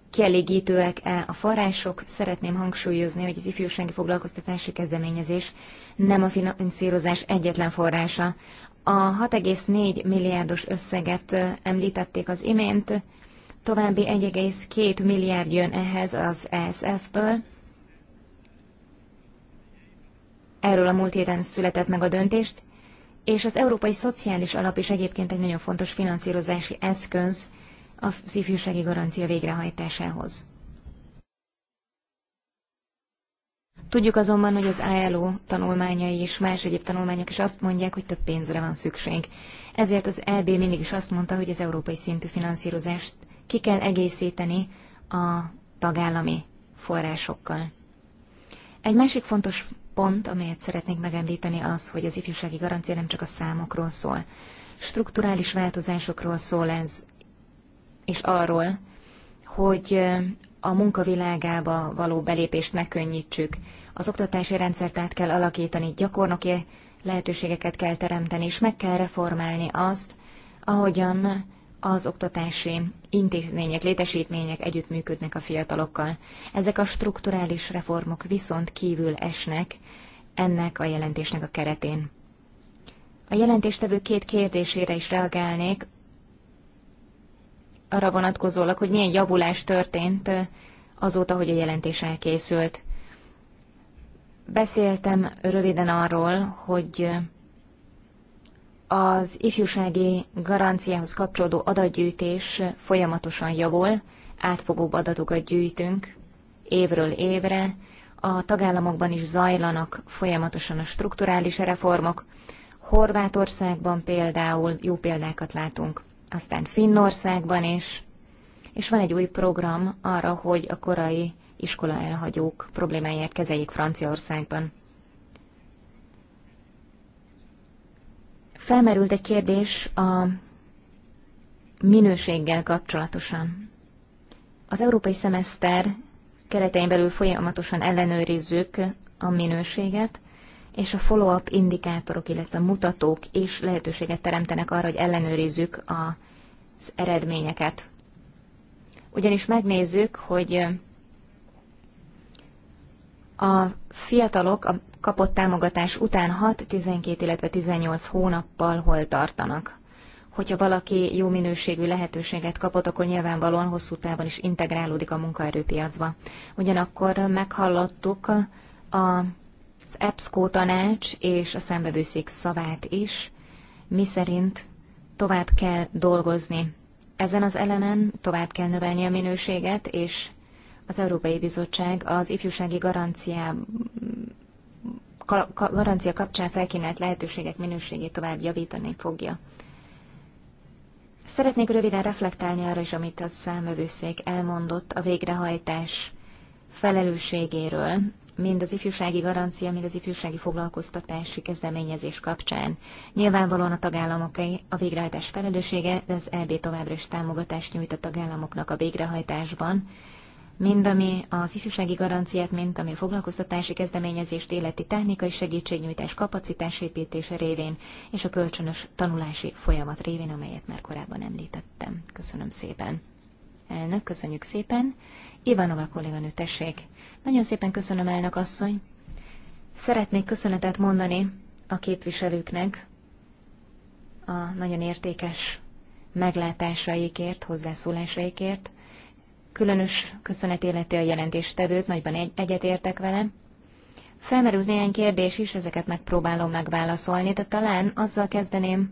Kielégítőek-e a források? Szeretném hangsúlyozni, hogy az ifjúsági foglalkoztatási kezdeményezés nem a finanszírozás egyetlen forrása. A 6,4 milliárdos összeget említették az imént, további 1,2 milliárd jön ehhez az ESF-ből, Erről a múlt héten született meg a döntést, és az Európai Szociális Alap is egyébként egy nagyon fontos finanszírozási eszköz a ifjúsági garancia végrehajtásához. Tudjuk azonban, hogy az ILO tanulmányai és más egyéb tanulmányok is azt mondják, hogy több pénzre van szükség. Ezért az EB mindig is azt mondta, hogy az európai szintű finanszírozást ki kell egészíteni a tagállami forrásokkal. Egy másik fontos pont, amelyet szeretnék megemlíteni, az, hogy az ifjúsági garancia nem csak a számokról szól. Strukturális változásokról szól ez, és arról, hogy a munkavilágába való belépést megkönnyítsük. Az oktatási rendszert át kell alakítani, gyakornoki lehetőségeket kell teremteni, és meg kell reformálni azt, ahogyan az oktatási intézmények, létesítmények együttműködnek a fiatalokkal. Ezek a strukturális reformok viszont kívül esnek ennek a jelentésnek a keretén. A jelentéstevő két kérdésére is reagálnék, arra vonatkozólag, hogy milyen javulás történt azóta, hogy a jelentés elkészült. Beszéltem röviden arról, hogy az ifjúsági garanciához kapcsolódó adatgyűjtés folyamatosan javul, átfogóbb adatokat gyűjtünk évről évre, a tagállamokban is zajlanak folyamatosan a strukturális reformok. Horvátországban például jó példákat látunk, aztán Finnországban is, és van egy új program arra, hogy a korai iskola elhagyók problémáját kezeljék Franciaországban. Felmerült egy kérdés a minőséggel kapcsolatosan. Az európai szemeszter keretein belül folyamatosan ellenőrizzük a minőséget, és a follow-up indikátorok, illetve mutatók is lehetőséget teremtenek arra, hogy ellenőrizzük az eredményeket. Ugyanis megnézzük, hogy a fiatalok a kapott támogatás után 6, 12, illetve 18 hónappal hol tartanak. Hogyha valaki jó minőségű lehetőséget kapott, akkor nyilvánvalóan hosszú távon is integrálódik a munkaerőpiacba. Ugyanakkor meghallottuk az EBSCO tanács és a szembevőszék szavát is, miszerint tovább kell dolgozni ezen az elemen, tovább kell növelni a minőséget, és az Európai Bizottság az ifjúsági garancia garancia kapcsán felkínált lehetőségek minőségét tovább javítani fogja. Szeretnék röviden reflektálni arra is, amit a számövőszék elmondott a végrehajtás felelősségéről, mind az ifjúsági garancia, mind az ifjúsági foglalkoztatási kezdeményezés kapcsán. Nyilvánvalóan a tagállamoké a végrehajtás felelőssége, de az EB továbbra is támogatást nyújt a tagállamoknak a végrehajtásban, mind ami az ifjúsági garanciát, mint ami a foglalkoztatási kezdeményezést életi technikai segítségnyújtás építése révén, és a kölcsönös tanulási folyamat révén, amelyet már korábban említettem. Köszönöm szépen. Elnök, köszönjük szépen. Ivanova kolléganő, tessék. Nagyon szépen köszönöm, elnök asszony. Szeretnék köszönetet mondani a képviselőknek a nagyon értékes meglátásaikért, hozzászólásaikért, Különös köszönet életi a jelentéstevőt, nagyban egy- egyetértek vele. Felmerült néhány kérdés is, ezeket megpróbálom megválaszolni, de talán azzal kezdeném,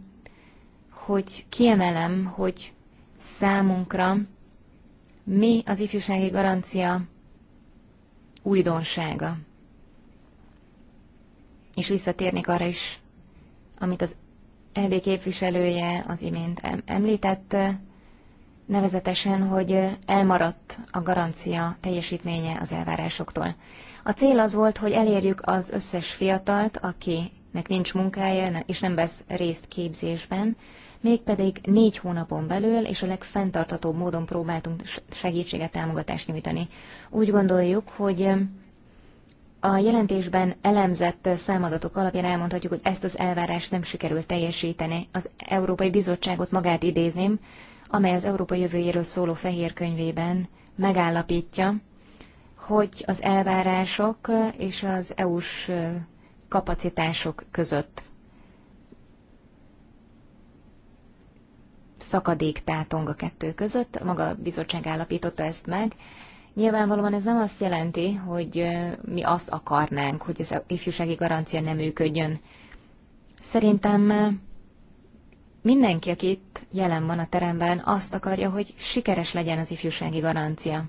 hogy kiemelem, hogy számunkra mi az ifjúsági garancia újdonsága. És visszatérnék arra is, amit az EB képviselője az imént említett, nevezetesen, hogy elmaradt a garancia teljesítménye az elvárásoktól. A cél az volt, hogy elérjük az összes fiatalt, akinek nincs munkája és nem vesz részt képzésben, mégpedig négy hónapon belül és a legfenntartatóbb módon próbáltunk segítséget, támogatást nyújtani. Úgy gondoljuk, hogy a jelentésben elemzett számadatok alapján elmondhatjuk, hogy ezt az elvárást nem sikerült teljesíteni. Az Európai Bizottságot magát idézném, amely az Európa jövőjéről szóló fehér könyvében megállapítja, hogy az elvárások és az EU-s kapacitások között szakadék tátong a kettő között, maga a bizottság állapította ezt meg. Nyilvánvalóan ez nem azt jelenti, hogy mi azt akarnánk, hogy az ifjúsági garancia nem működjön. Szerintem Mindenki, aki itt jelen van a teremben, azt akarja, hogy sikeres legyen az ifjúsági garancia.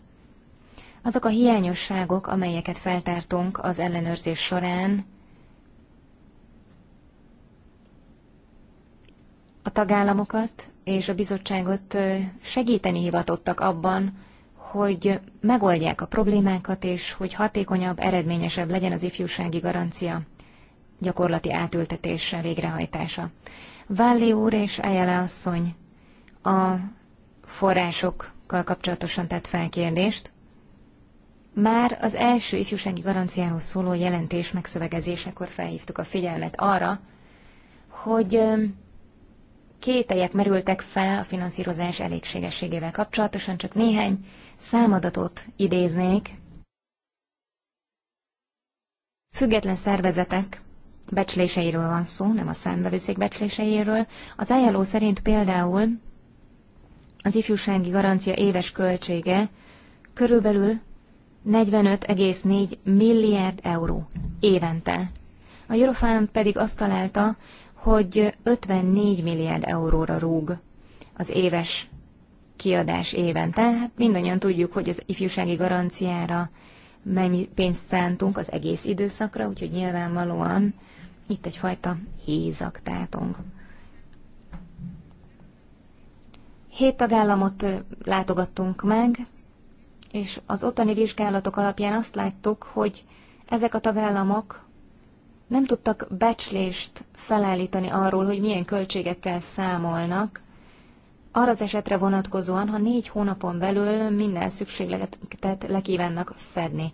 Azok a hiányosságok, amelyeket feltártunk az ellenőrzés során, a tagállamokat és a bizottságot segíteni hivatottak abban, hogy megoldják a problémákat, és hogy hatékonyabb, eredményesebb legyen az ifjúsági garancia gyakorlati átültetése, végrehajtása. Valli úr és Ejele asszony a forrásokkal kapcsolatosan tett felkérdést. Már az első ifjúsági garanciáról szóló jelentés megszövegezésekor felhívtuk a figyelmet arra, hogy kételyek merültek fel a finanszírozás elégségességével kapcsolatosan, csak néhány számadatot idéznék. Független szervezetek becsléseiről van szó, nem a számbevőszék becsléseiről. Az ajánló szerint például az ifjúsági garancia éves költsége körülbelül 45,4 milliárd euró évente. A Eurofán pedig azt találta, hogy 54 milliárd euróra rúg az éves kiadás évente. Hát mindannyian tudjuk, hogy az ifjúsági garanciára mennyi pénzt szántunk az egész időszakra, úgyhogy nyilvánvalóan itt egyfajta hézak tátong. Hét tagállamot látogattunk meg, és az ottani vizsgálatok alapján azt láttuk, hogy ezek a tagállamok nem tudtak becslést felállítani arról, hogy milyen költségekkel számolnak, arra az esetre vonatkozóan, ha négy hónapon belül minden szükségletet lekívánnak fedni.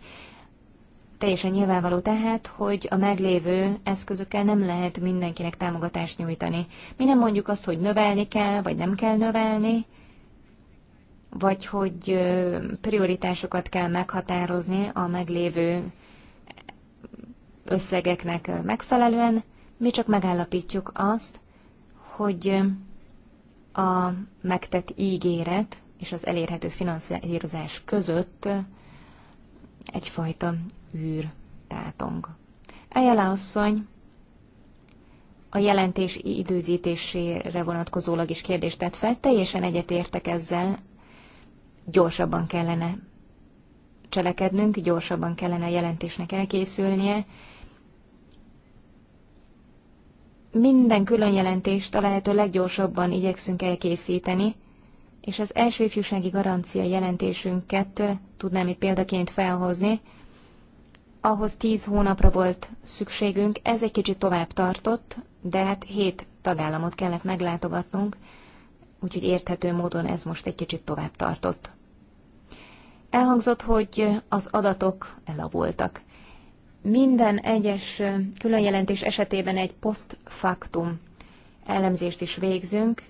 Teljesen nyilvánvaló tehát, hogy a meglévő eszközökkel nem lehet mindenkinek támogatást nyújtani. Mi nem mondjuk azt, hogy növelni kell, vagy nem kell növelni, vagy hogy prioritásokat kell meghatározni a meglévő összegeknek megfelelően. Mi csak megállapítjuk azt, hogy a megtett ígéret és az elérhető finanszírozás között egyfajta űr tátong. Ejele asszony a jelentés időzítésére vonatkozólag is kérdést tett fel, teljesen egyetértek ezzel, gyorsabban kellene cselekednünk, gyorsabban kellene a jelentésnek elkészülnie. Minden külön jelentést a lehető leggyorsabban igyekszünk elkészíteni, és az első ifjúsági garancia jelentésünket tudnám itt példaként felhozni, ahhoz tíz hónapra volt szükségünk, ez egy kicsit tovább tartott, de hát hét tagállamot kellett meglátogatnunk, úgyhogy érthető módon ez most egy kicsit tovább tartott. Elhangzott, hogy az adatok elavultak. Minden egyes különjelentés esetében egy post factum elemzést is végzünk.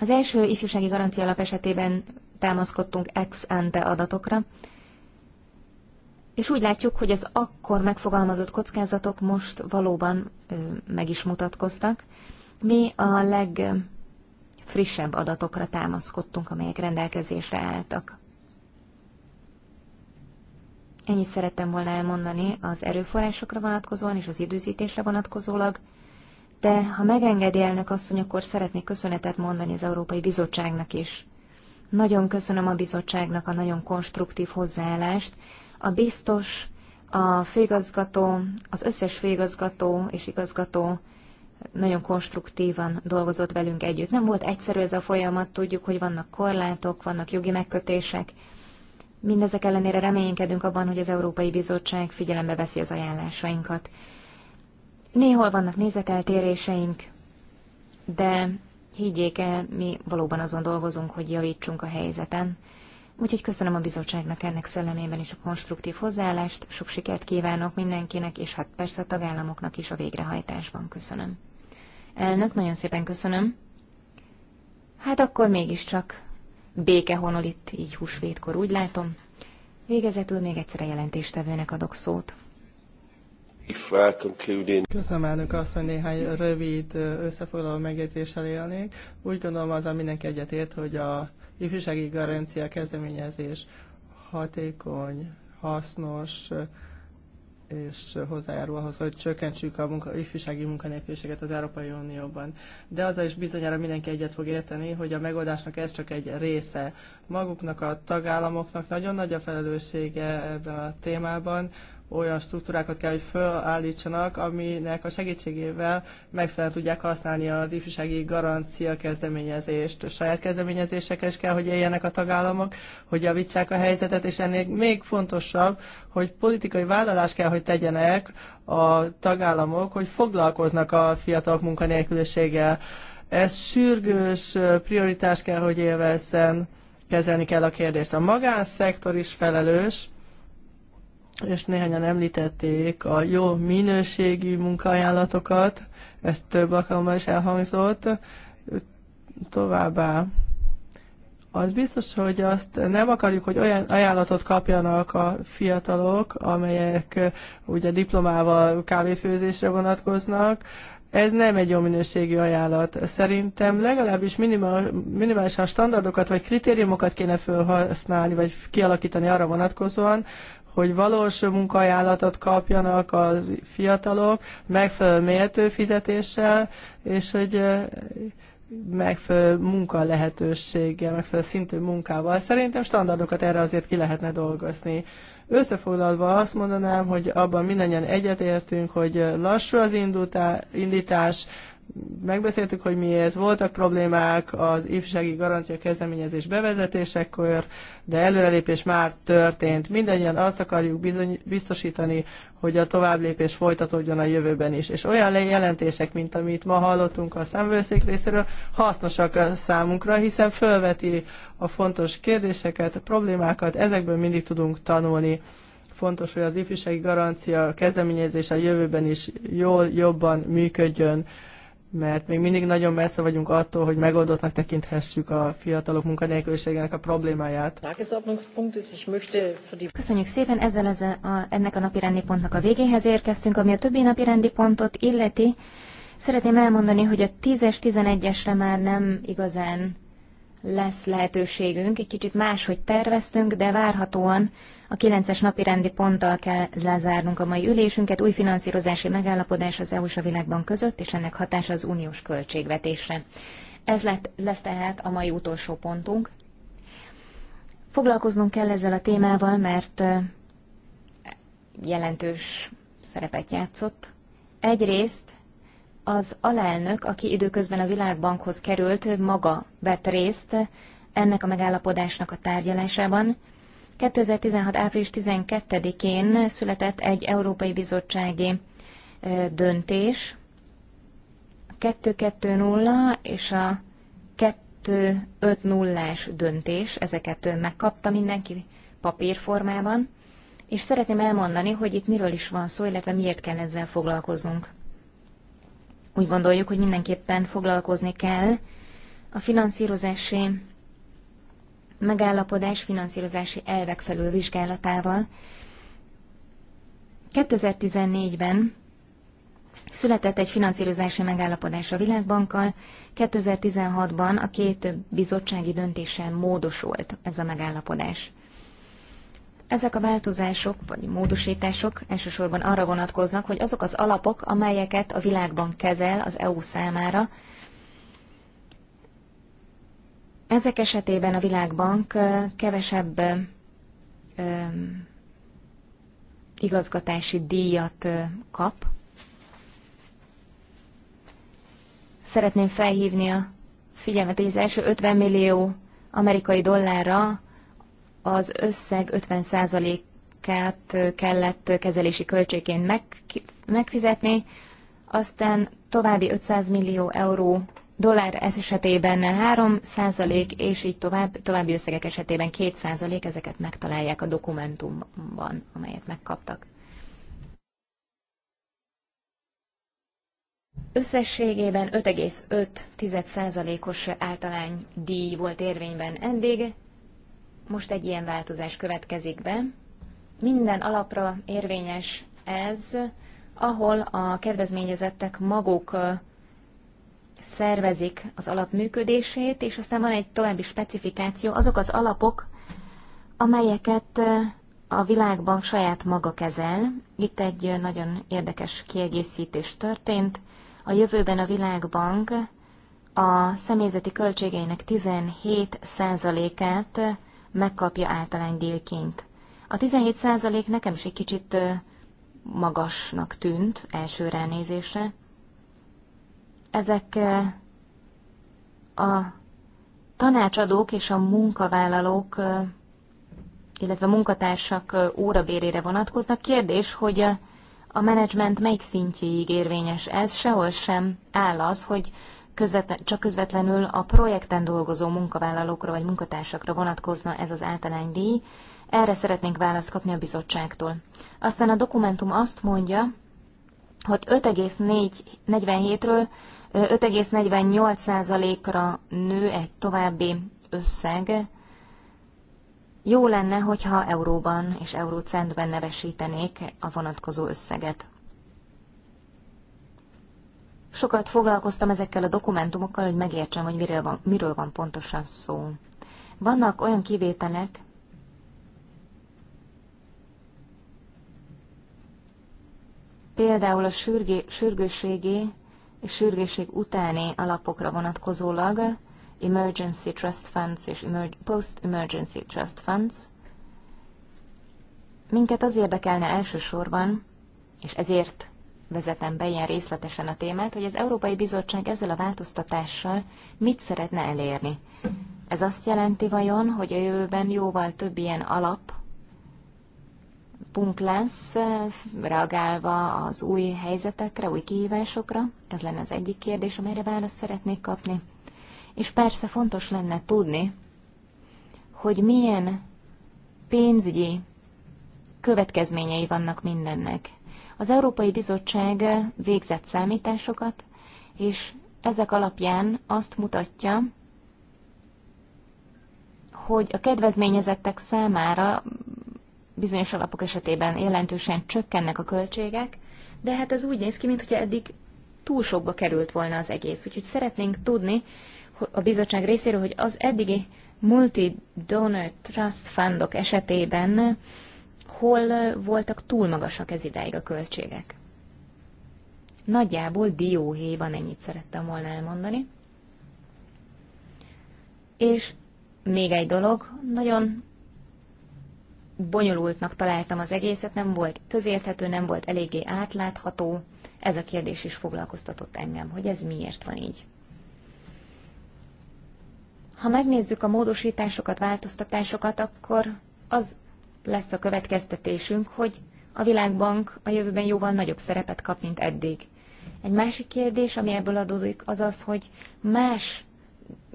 Az első ifjúsági garancia alap esetében támaszkodtunk ex ante adatokra, és úgy látjuk, hogy az akkor megfogalmazott kockázatok most valóban ö, meg is mutatkoztak. Mi a legfrissebb adatokra támaszkodtunk, amelyek rendelkezésre álltak. Ennyit szerettem volna elmondani az erőforrásokra vonatkozóan és az időzítésre vonatkozólag, de ha megengedi elnök asszony, akkor szeretnék köszönetet mondani az Európai Bizottságnak is. Nagyon köszönöm a bizottságnak a nagyon konstruktív hozzáállást, a biztos, a főigazgató, az összes főigazgató és igazgató nagyon konstruktívan dolgozott velünk együtt. Nem volt egyszerű ez a folyamat, tudjuk, hogy vannak korlátok, vannak jogi megkötések. Mindezek ellenére reménykedünk abban, hogy az Európai Bizottság figyelembe veszi az ajánlásainkat. Néhol vannak nézeteltéréseink, de higgyék el, mi valóban azon dolgozunk, hogy javítsunk a helyzeten, Úgyhogy köszönöm a bizottságnak ennek szellemében is a konstruktív hozzáállást, sok sikert kívánok mindenkinek, és hát persze a tagállamoknak is a végrehajtásban köszönöm. Elnök, nagyon szépen köszönöm. Hát akkor mégiscsak béke honol itt, így húsvétkor, úgy látom. Végezetül még egyszer a jelentéstevőnek adok szót. Köszönöm, elnök asszony, néhány rövid összefoglaló megjegyzéssel élnék. Úgy gondolom, az a mindenki egyetért, hogy a ifjúsági garancia kezdeményezés hatékony, hasznos, és hozzájárul ahhoz, hogy csökkentsük a munka, ifjúsági munkanélküliséget az Európai Unióban. De azzal is bizonyára mindenki egyet fog érteni, hogy a megoldásnak ez csak egy része. Maguknak a tagállamoknak nagyon nagy a felelőssége ebben a témában, olyan struktúrákat kell, hogy fölállítsanak, aminek a segítségével megfelelően tudják használni az ifjúsági garancia kezdeményezést. Saját kezdeményezésekkel is kell, hogy éljenek a tagállamok, hogy javítsák a helyzetet, és ennél még fontosabb, hogy politikai vállalást kell, hogy tegyenek a tagállamok, hogy foglalkoznak a fiatalok munkanélküliséggel. Ez sürgős prioritás kell, hogy élvezzen, kezelni kell a kérdést. A magánszektor is felelős, és néhányan említették a jó minőségű munkaajánlatokat, ez több alkalommal is elhangzott. Továbbá az biztos, hogy azt nem akarjuk, hogy olyan ajánlatot kapjanak a fiatalok, amelyek ugye diplomával kávéfőzésre vonatkoznak. Ez nem egy jó minőségű ajánlat. Szerintem legalábbis minimál, minimálisan standardokat vagy kritériumokat kéne felhasználni, vagy kialakítani arra vonatkozóan, hogy valós munkaajánlatot kapjanak a fiatalok megfelelő méltó fizetéssel, és hogy megfelelő munka lehetőséggel, megfelelő szintű munkával. Szerintem standardokat erre azért ki lehetne dolgozni. Összefoglalva azt mondanám, hogy abban mindannyian egyetértünk, hogy lassú az indítás, megbeszéltük, hogy miért voltak problémák az ifjúsági garancia kezdeményezés bevezetésekor, de előrelépés már történt. Mindennyian azt akarjuk bizony, biztosítani, hogy a továbblépés folytatódjon a jövőben is. És olyan jelentések, mint amit ma hallottunk a számvőszék részéről, hasznosak a számunkra, hiszen fölveti a fontos kérdéseket, a problémákat, ezekből mindig tudunk tanulni fontos, hogy az ifjúsági garancia kezdeményezés a jövőben is jól, jobban működjön mert még mindig nagyon messze vagyunk attól, hogy megoldottnak tekinthessük a fiatalok munkanélküliségének a problémáját. Köszönjük szépen, ezzel, az a, ennek a napirendi pontnak a végéhez érkeztünk, ami a többi napirendi pontot illeti. Szeretném elmondani, hogy a 10-es, 11-esre már nem igazán lesz lehetőségünk, egy kicsit máshogy terveztünk, de várhatóan a 9-es napi rendi ponttal kell lezárnunk a mai ülésünket, új finanszírozási megállapodás az EU s a világban között, és ennek hatása az uniós költségvetésre. Ez lett, lesz tehát a mai utolsó pontunk. Foglalkoznunk kell ezzel a témával, mert jelentős szerepet játszott. Egyrészt az alelnök, aki időközben a Világbankhoz került, maga vett részt ennek a megállapodásnak a tárgyalásában. 2016. április 12-én született egy Európai Bizottsági döntés. A 220 és a 250-es döntés, ezeket megkapta mindenki papírformában, és szeretném elmondani, hogy itt miről is van szó, illetve miért kell ezzel foglalkoznunk úgy gondoljuk, hogy mindenképpen foglalkozni kell a finanszírozási megállapodás finanszírozási elvek felülvizsgálatával. 2014-ben született egy finanszírozási megállapodás a Világbankkal, 2016-ban a két bizottsági döntéssel módosult ez a megállapodás. Ezek a változások vagy módosítások elsősorban arra vonatkoznak, hogy azok az alapok, amelyeket a világban kezel az EU számára, ezek esetében a Világbank kevesebb igazgatási díjat kap. Szeretném felhívni a figyelmet, hogy az első 50 millió amerikai dollárra az összeg 50%-át kellett kezelési költségként megfizetni, aztán további 500 millió euró dollár esetében 3 százalék, és így tovább, további összegek esetében 2 százalék, ezeket megtalálják a dokumentumban, amelyet megkaptak. Összességében 5,5%-os általány díj volt érvényben eddig, most egy ilyen változás következik be. Minden alapra érvényes ez, ahol a kedvezményezettek maguk szervezik az alap működését, és aztán van egy további specifikáció, azok az alapok, amelyeket a világban saját maga kezel. Itt egy nagyon érdekes kiegészítés történt. A jövőben a világbank a személyzeti költségeinek 17%-át megkapja délként. A 17% százalék nekem is egy kicsit magasnak tűnt első ránézésre. Ezek a tanácsadók és a munkavállalók, illetve munkatársak órabérére vonatkoznak. Kérdés, hogy a menedzsment melyik szintjéig érvényes ez, sehol sem áll az, hogy közvetlen, csak közvetlenül a projekten dolgozó munkavállalókra vagy munkatársakra vonatkozna ez az díj. Erre szeretnénk választ kapni a bizottságtól. Aztán a dokumentum azt mondja, hogy 5,47-ről 5,48%-ra nő egy további összeg. Jó lenne, hogyha euróban és eurócentben nevesítenék a vonatkozó összeget. Sokat foglalkoztam ezekkel a dokumentumokkal, hogy megértsem, hogy miről van, miről van pontosan szó. Vannak olyan kivételek, például a sürgé, sürgőségi és sürgőség utáni alapokra vonatkozólag Emergency Trust Funds és Post-Emergency Trust Funds. Minket az érdekelne elsősorban, és ezért vezetem be ilyen részletesen a témát, hogy az Európai Bizottság ezzel a változtatással mit szeretne elérni. Ez azt jelenti vajon, hogy a jövőben jóval több ilyen alap punk lesz, reagálva az új helyzetekre, új kihívásokra? Ez lenne az egyik kérdés, amelyre választ szeretnék kapni. És persze fontos lenne tudni, hogy milyen pénzügyi következményei vannak mindennek. Az Európai Bizottság végzett számításokat, és ezek alapján azt mutatja, hogy a kedvezményezettek számára bizonyos alapok esetében jelentősen csökkennek a költségek, de hát ez úgy néz ki, mintha eddig túl sokba került volna az egész. Úgyhogy szeretnénk tudni a bizottság részéről, hogy az eddigi multi-donor trust fundok esetében hol voltak túl magasak ez idáig a költségek. Nagyjából dióhéjban ennyit szerettem volna elmondani. És még egy dolog, nagyon bonyolultnak találtam az egészet, nem volt közérthető, nem volt eléggé átlátható. Ez a kérdés is foglalkoztatott engem, hogy ez miért van így. Ha megnézzük a módosításokat, változtatásokat, akkor az lesz a következtetésünk, hogy a világbank a jövőben jóval nagyobb szerepet kap, mint eddig. Egy másik kérdés, ami ebből adódik, az az, hogy más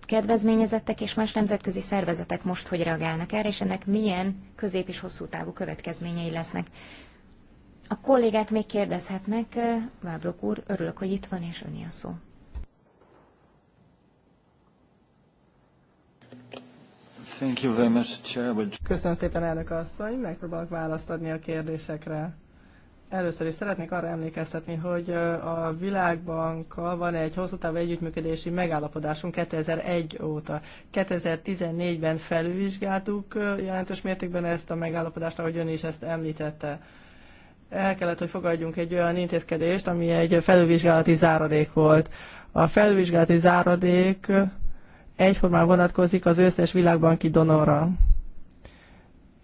kedvezményezettek és más nemzetközi szervezetek most hogy reagálnak erre, és ennek milyen közép- és hosszú távú következményei lesznek. A kollégák még kérdezhetnek, Vábrok úr, örülök, hogy itt van, és öni a szó. Köszönöm szépen, elnök asszony, megpróbálok választ adni a kérdésekre. Először is szeretnék arra emlékeztetni, hogy a Világbankkal van egy hosszú távú együttműködési megállapodásunk 2001 óta. 2014-ben felülvizsgáltuk jelentős mértékben ezt a megállapodást, ahogy ön is ezt említette. El kellett, hogy fogadjunk egy olyan intézkedést, ami egy felülvizsgálati záradék volt. A felülvizsgálati záradék egyformán vonatkozik az összes világbanki donorra.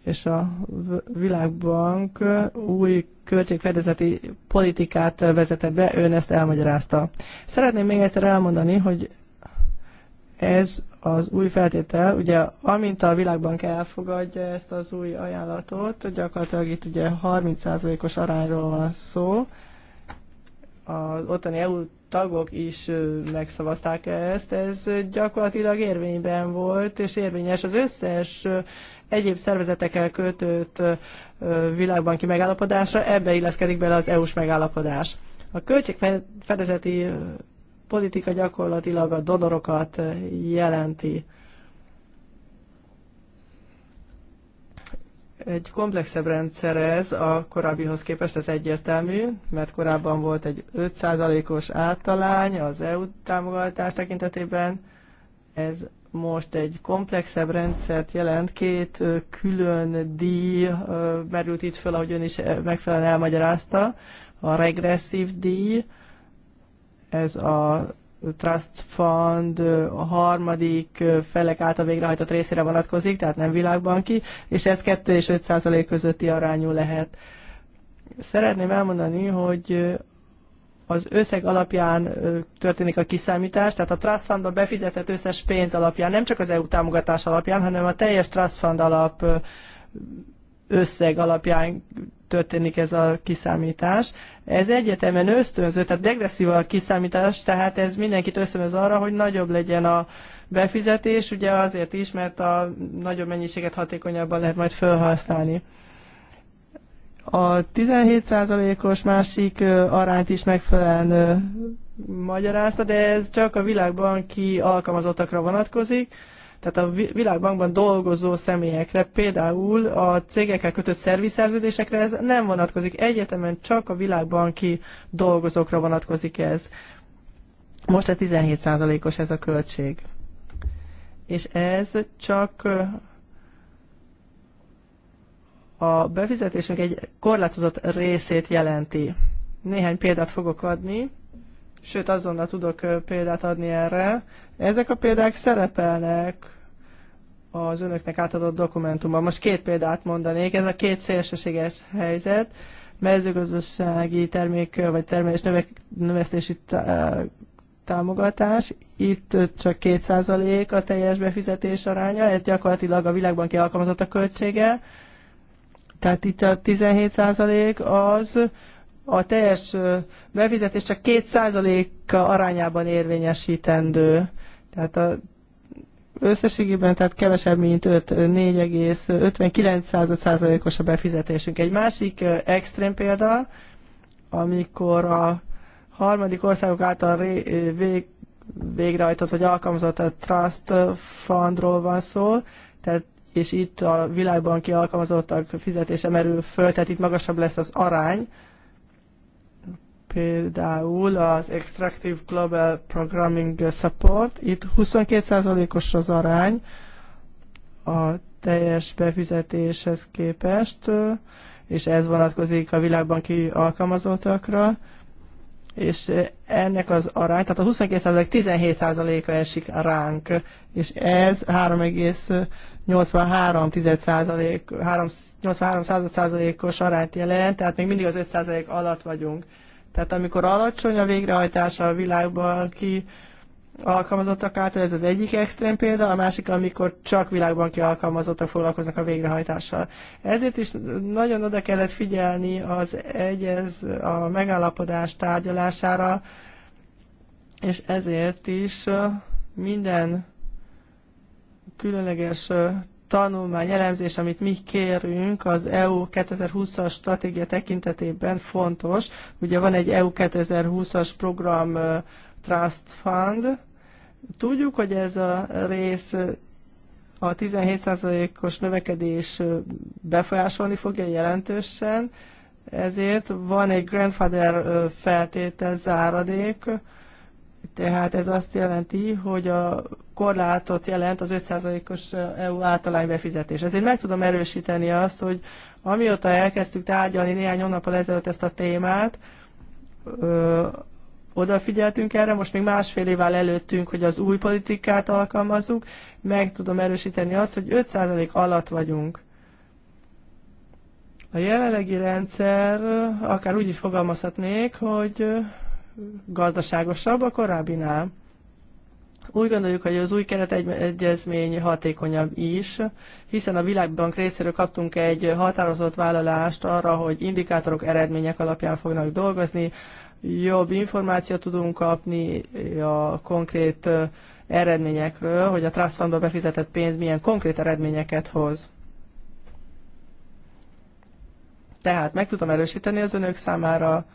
És a világbank új költségfedezeti politikát vezetett be, ön ezt elmagyarázta. Szeretném még egyszer elmondani, hogy ez az új feltétel, ugye amint a világbank elfogadja ezt az új ajánlatot, gyakorlatilag itt ugye 30%-os arányról van szó, az ottani EU tagok is megszavazták ezt. Ez gyakorlatilag érvényben volt, és érvényes az összes egyéb szervezetekkel kötött világbanki megállapodásra, ebbe illeszkedik bele az EU-s megállapodás. A költségfedezeti politika gyakorlatilag a donorokat jelenti. Egy komplexebb rendszer ez a korábbihoz képest, ez egyértelmű, mert korábban volt egy 5%-os áttalány az EU támogatás tekintetében, ez most egy komplexebb rendszert jelent, két külön díj merült itt föl, ahogy ön is megfelelően elmagyarázta, a regresszív díj, ez a Trust Fund a harmadik felek által végrehajtott részére vonatkozik, tehát nem világbanki, és ez 2 és 5 százalék közötti arányú lehet. Szeretném elmondani, hogy az összeg alapján történik a kiszámítás, tehát a Trust Fundba befizetett összes pénz alapján, nem csak az EU támogatás alapján, hanem a teljes Trust Fund alap összeg alapján történik ez a kiszámítás ez egyetemen ösztönző, tehát degresszív a kiszámítás, tehát ez mindenkit ösztönöz arra, hogy nagyobb legyen a befizetés, ugye azért is, mert a nagyobb mennyiséget hatékonyabban lehet majd felhasználni. A 17%-os másik arányt is megfelelően magyarázta, de ez csak a világban ki alkalmazottakra vonatkozik. Tehát a világbankban dolgozó személyekre, például a cégekkel kötött szerviszerződésekre ez nem vonatkozik. Egyetemen csak a világbanki dolgozókra vonatkozik ez. Most ez 17%-os ez a költség. És ez csak a befizetésünk egy korlátozott részét jelenti. Néhány példát fogok adni, sőt azonnal tudok példát adni erre. Ezek a példák szerepelnek az önöknek átadott dokumentumban. Most két példát mondanék. Ez a két szélsőséges helyzet, mezőgazdasági termék vagy termelés növe, növesztési e, támogatás. Itt csak 2% a teljes befizetés aránya, ez gyakorlatilag a világban kialkalmazott a költsége. Tehát itt a 17% az a teljes e, befizetés csak 2%-a arányában érvényesítendő. Tehát a összességében, tehát kevesebb, mint 4,59%-os a befizetésünk. Egy másik extrém példa, amikor a harmadik országok által ré, vég, végrehajtott vagy alkalmazott a Trust Fundról van szó, tehát és itt a világbanki alkalmazottak fizetése merül föl, tehát itt magasabb lesz az arány, Például az Extractive Global Programming Support, itt 22%-os az arány a teljes befizetéshez képest, és ez vonatkozik a világban alkalmazottakra, és ennek az arány, tehát a 22% 17%-a esik ránk, és ez 3,83%-os 83%-os arányt jelent, tehát még mindig az 5% alatt vagyunk. Tehát amikor alacsony a végrehajtása a világban ki alkalmazottak által, ez az egyik extrém példa, a másik, amikor csak világban ki alkalmazottak foglalkoznak a végrehajtással. Ezért is nagyon oda kellett figyelni az egyez, a megállapodás tárgyalására, és ezért is minden különleges tanulmány, elemzés, amit mi kérünk az EU 2020-as stratégia tekintetében fontos. Ugye van egy EU 2020-as program Trust Fund. Tudjuk, hogy ez a rész a 17%-os növekedés befolyásolni fogja jelentősen, ezért van egy grandfather feltétel záradék, tehát ez azt jelenti, hogy a korlátot jelent az 5%-os EU általány befizetés. Ezért meg tudom erősíteni azt, hogy amióta elkezdtük tárgyalni néhány hónappal ezelőtt ezt a témát, ö, odafigyeltünk erre, most még másfél évvel előttünk, hogy az új politikát alkalmazzuk, meg tudom erősíteni azt, hogy 5% alatt vagyunk. A jelenlegi rendszer, akár úgy is fogalmazhatnék, hogy gazdaságosabb a korábbinál. Úgy gondoljuk, hogy az új keretegyezmény hatékonyabb is, hiszen a Világbank részéről kaptunk egy határozott vállalást arra, hogy indikátorok, eredmények alapján fognak dolgozni, jobb információt tudunk kapni a konkrét eredményekről, hogy a Trust Fundba befizetett pénz milyen konkrét eredményeket hoz. Tehát meg tudom erősíteni az önök számára,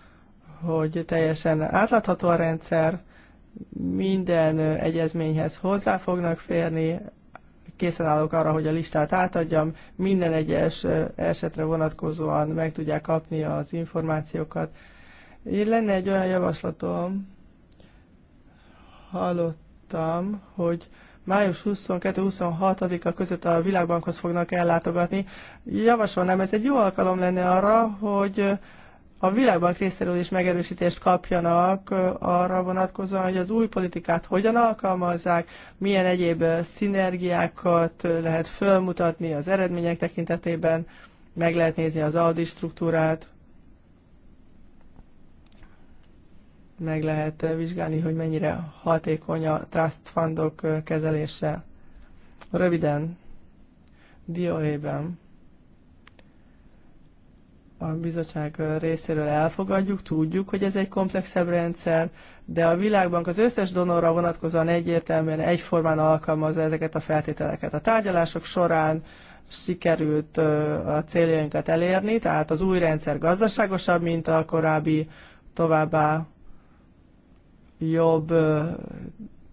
hogy teljesen átlátható a rendszer, minden egyezményhez hozzá fognak férni, készen állok arra, hogy a listát átadjam, minden egyes esetre vonatkozóan meg tudják kapni az információkat. Én lenne egy olyan javaslatom, hallottam, hogy május 22-26-a között a Világbankhoz fognak ellátogatni. Javasolnám, ez egy jó alkalom lenne arra, hogy a Világbank részéről megerősítést kapjanak arra vonatkozóan, hogy az új politikát hogyan alkalmazzák, milyen egyéb szinergiákat lehet fölmutatni az eredmények tekintetében, meg lehet nézni az Audi struktúrát, meg lehet vizsgálni, hogy mennyire hatékony a trust fundok kezelése. Röviden, dióében a bizottság részéről elfogadjuk, tudjuk, hogy ez egy komplexebb rendszer, de a világbank az összes donorra vonatkozóan egyértelműen egyformán alkalmazza ezeket a feltételeket. A tárgyalások során sikerült a céljainkat elérni, tehát az új rendszer gazdaságosabb, mint a korábbi, továbbá jobb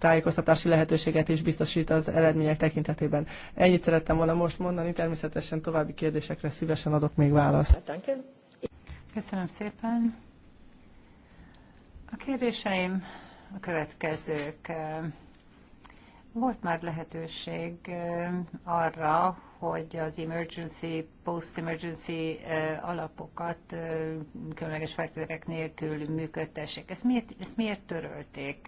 tájékoztatási lehetőséget is biztosít az eredmények tekintetében. Ennyit szerettem volna most mondani, természetesen további kérdésekre szívesen adok még választ. Köszönöm szépen. A kérdéseim a következők. Volt már lehetőség eh, arra, hogy az emergency, post-emergency alapokat különleges feltételek nélkül működtessék. Ezt miért, ezt miért törölték?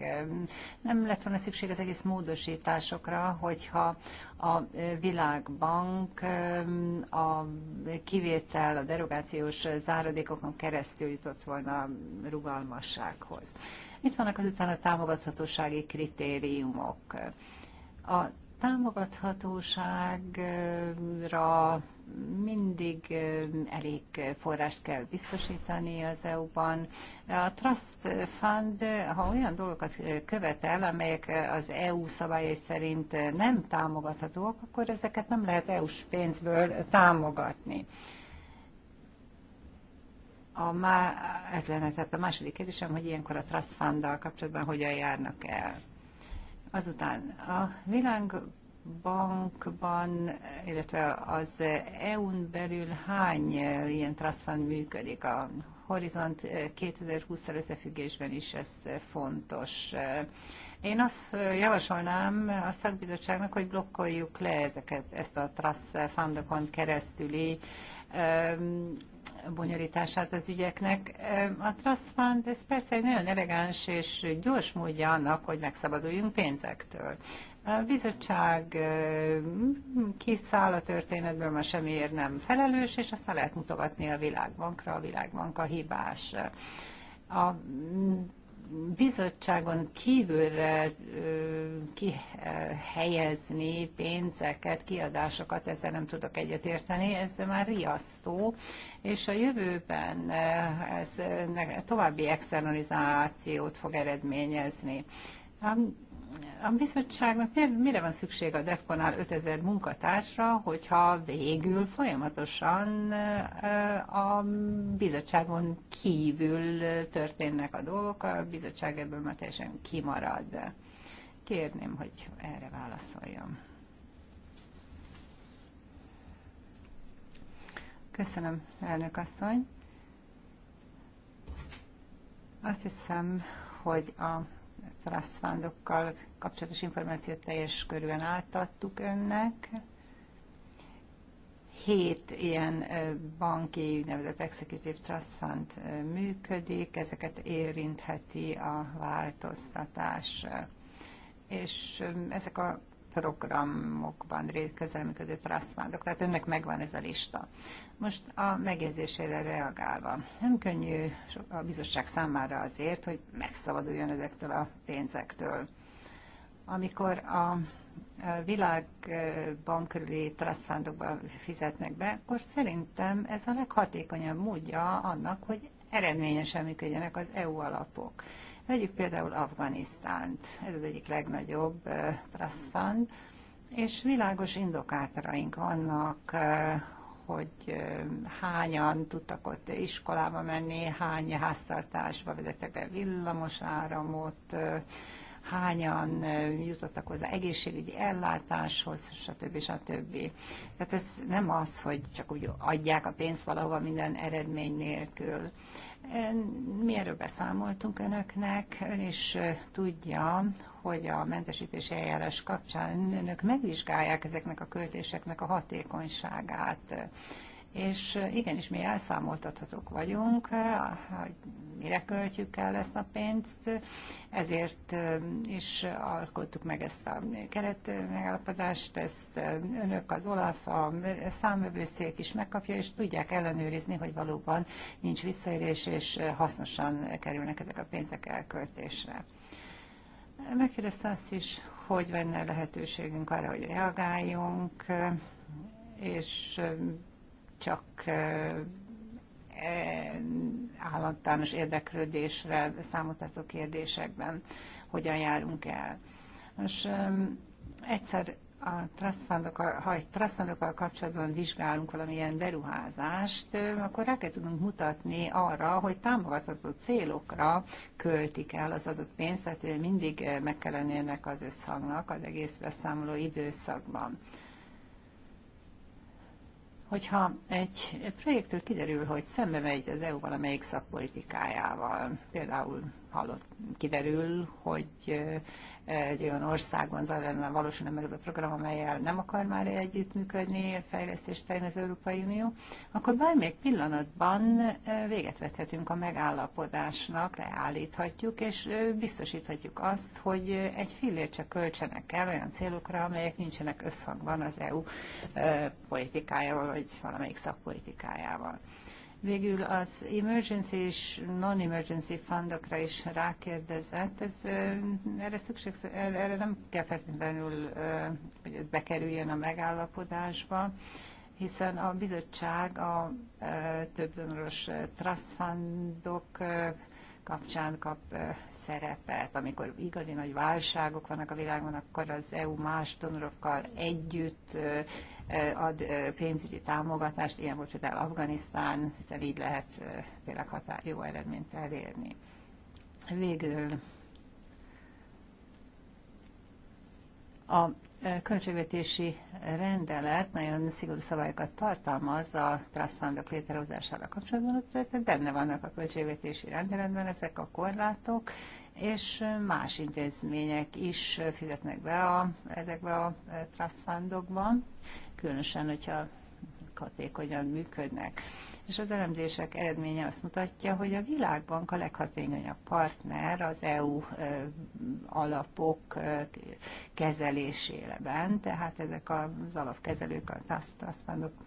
Nem lett volna szükség az egész módosításokra, hogyha a világbank a kivétel, a derogációs záradékokon keresztül jutott volna rugalmassághoz. Itt vannak azután a támogathatósági kritériumok. A támogathatóságra mindig elég forrást kell biztosítani az EU-ban. A Trust Fund, ha olyan dolgokat követel, amelyek az EU szabályai szerint nem támogathatóak, akkor ezeket nem lehet EU-s pénzből támogatni. A má, ez lenne tehát a második kérdésem, hogy ilyenkor a Trust Funddal kapcsolatban hogyan járnak el. Azután a Világbankban, illetve az EU-n belül hány ilyen trust fund működik? A Horizont 2020 összefüggésben is ez fontos. Én azt javasolnám a szakbizottságnak, hogy blokkoljuk le ezeket, ezt a trust fundokon keresztüli bonyolítását az ügyeknek. A Trust Fund, ez persze egy nagyon elegáns és gyors módja annak, hogy megszabaduljunk pénzektől. A bizottság kiszáll a történetből, ma semmiért nem felelős, és aztán lehet mutogatni a világbankra, a világbank a hibás. A bizottságon kívülre kihelyezni pénzeket, kiadásokat, ezzel nem tudok egyetérteni, ez már riasztó, és a jövőben ez további externalizációt fog eredményezni a bizottságnak mire van szükség a DEFCON-nál 5000 munkatársra, hogyha végül folyamatosan a bizottságon kívül történnek a dolgok, a bizottság ebből már teljesen kimarad. Kérném, hogy erre válaszoljam. Köszönöm, elnök asszony. Azt hiszem, hogy a trust fundokkal kapcsolatos információt teljes körülön átadtuk önnek. Hét ilyen banki nevezett Executive Trust Fund működik, ezeket érintheti a változtatás. És ezek a programokban közelműködő trustfundok, tehát önnek megvan ez a lista. Most a megjegyzésére reagálva, nem könnyű a bizottság számára azért, hogy megszabaduljon ezektől a pénzektől. Amikor a világban körüli trasztfándokba fizetnek be, akkor szerintem ez a leghatékonyabb módja annak, hogy eredményesen működjenek az EU alapok. Vegyük például Afganisztánt, ez az egyik legnagyobb trust fund, és világos indokátoraink vannak, hogy hányan tudtak ott iskolába menni, hány háztartásba vezettek be villamos áramot, hányan jutottak hozzá egészségügyi ellátáshoz, stb. stb. Tehát ez nem az, hogy csak úgy adják a pénzt valahova minden eredmény nélkül. Mi erről beszámoltunk önöknek, ön is tudja, hogy a mentesítési eljárás kapcsán önök megvizsgálják ezeknek a költéseknek a hatékonyságát és igenis mi elszámoltathatók vagyunk, hogy mire költjük el ezt a pénzt, ezért is alkottuk meg ezt a keret megállapodást, ezt önök, az OLAF, a számövőszék is megkapja, és tudják ellenőrizni, hogy valóban nincs visszaérés, és hasznosan kerülnek ezek a pénzek elköltésre. Megkérdezte azt is, hogy venne lehetőségünk arra, hogy reagáljunk, és csak állantános érdeklődésre számutató kérdésekben hogyan járunk el. Most egyszer a ha egy trasztfandokkal kapcsolatban vizsgálunk valamilyen beruházást, akkor rá kell tudunk mutatni arra, hogy támogatható célokra költik el az adott pénzt, tehát mindig meg kell lennének az összhangnak az egész beszámoló időszakban hogyha egy projektről kiderül, hogy szembe megy az EU valamelyik szakpolitikájával, például hallott, kiderül, hogy egy olyan országon zajlana valósulna meg ez a program, amelyel nem akar már együttműködni, fejlesztést terén az Európai Unió, akkor bármelyik pillanatban véget vethetünk a megállapodásnak, leállíthatjuk, és biztosíthatjuk azt, hogy egy fillért csak költsenek el olyan célokra, amelyek nincsenek összhangban az EU politikájával, vagy valamelyik szakpolitikájával. Végül az emergency és non-emergency fundokra is rákérdezett. Ez, erre, szükség, erre nem kell feltétlenül, hogy ez bekerüljön a megállapodásba, hiszen a bizottság a több donoros trust fundok kapcsán kap szerepet. Amikor igazi nagy válságok vannak a világon, akkor az EU más donorokkal együtt ad pénzügyi támogatást, ilyen volt például Afganisztán, hiszen így lehet tényleg határ, jó eredményt elérni. Végül a költségvetési rendelet nagyon szigorú szabályokat tartalmaz a trust fundok létrehozására kapcsolatban, tehát benne vannak a költségvetési rendeletben ezek a korlátok, és más intézmények is fizetnek be a, ezekbe a trust különösen, hogyha hatékonyan működnek. És az elemzések eredménye azt mutatja, hogy a világbank a leghatékonyabb partner az EU alapok kezelésében, tehát ezek az alapkezelők, a task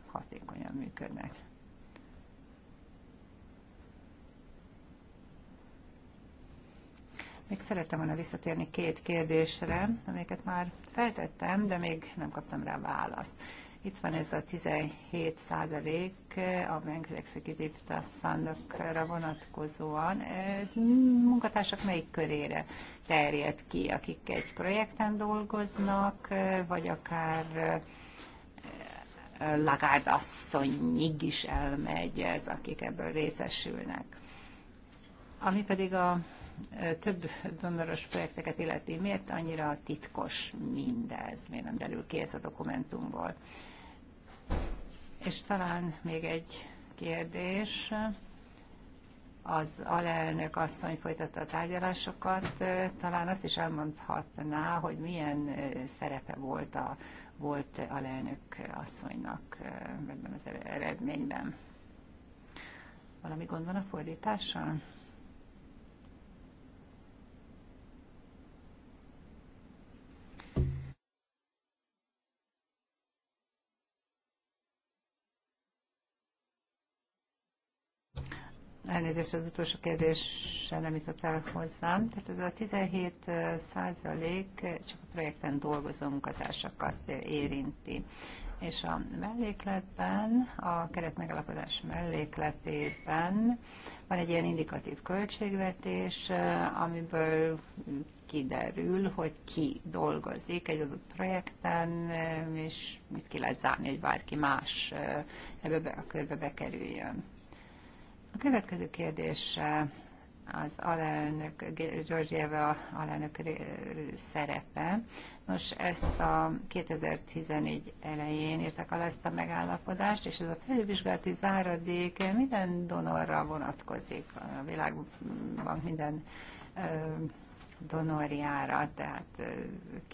hatékonyan működnek. Még szerettem volna visszatérni két kérdésre, amiket már feltettem, de még nem kaptam rá választ. Itt van ez a 17 százalék a Bank Executive Trust fund vonatkozóan. Ez munkatársak melyik körére terjed ki, akik egy projekten dolgoznak, vagy akár eh, Lagard asszonyig is elmegy ez, akik ebből részesülnek. Ami pedig a több donoros projekteket illeti, miért annyira titkos mindez, miért nem derül ki ez a dokumentumból. És talán még egy kérdés. Az alelnök asszony folytatta a tárgyalásokat, talán azt is elmondhatná, hogy milyen szerepe volt a volt alelnök asszonynak ebben az eredményben. Valami gond van a fordítással? elnézést, az utolsó kérdésre nem jutott el hozzám. Tehát ez a 17 százalék csak a projekten dolgozó munkatársakat érinti. És a mellékletben, a megalapodás mellékletében van egy ilyen indikatív költségvetés, amiből kiderül, hogy ki dolgozik egy adott projekten, és mit ki lehet zárni, hogy bárki más ebbe a körbe bekerüljön. A következő kérdés az alelnök, Georgieva alelnök szerepe. Nos, ezt a 2014 elején írták alá ezt a megállapodást, és ez a felülvizsgálati záradék minden donorra vonatkozik, a világban minden donorjára, tehát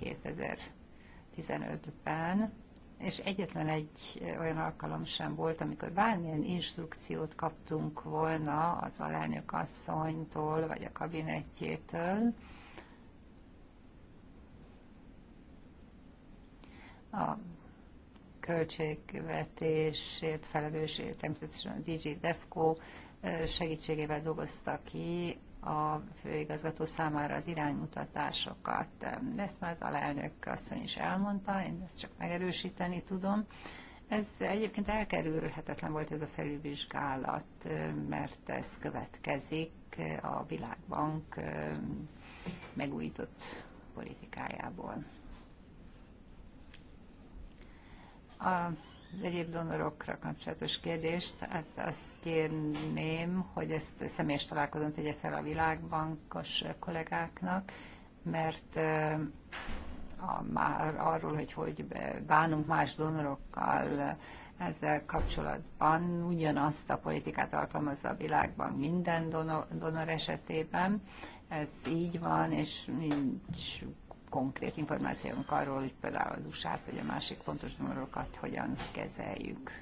2015-ben és egyetlen egy olyan alkalom sem volt, amikor bármilyen instrukciót kaptunk volna az alelnök asszonytól, vagy a kabinetjétől. A költségvetésért felelős, természetesen a DG Defco segítségével dolgozta ki a főigazgató számára az iránymutatásokat. Ezt már az alelnök asszony is elmondta, én ezt csak megerősíteni tudom. Ez egyébként elkerülhetetlen volt ez a felülvizsgálat, mert ez következik a Világbank megújított politikájából. A egyéb donorokra kapcsolatos kérdést, hát azt kérném, hogy ezt személyes találkozón tegye fel a világbankos kollégáknak, mert a, már arról, hogy hogy bánunk más donorokkal, ezzel kapcsolatban ugyanazt a politikát alkalmazza a világban minden donor, donor esetében. Ez így van, és nincs konkrét információnk arról, hogy például az usa vagy a másik fontos donorokat hogyan kezeljük.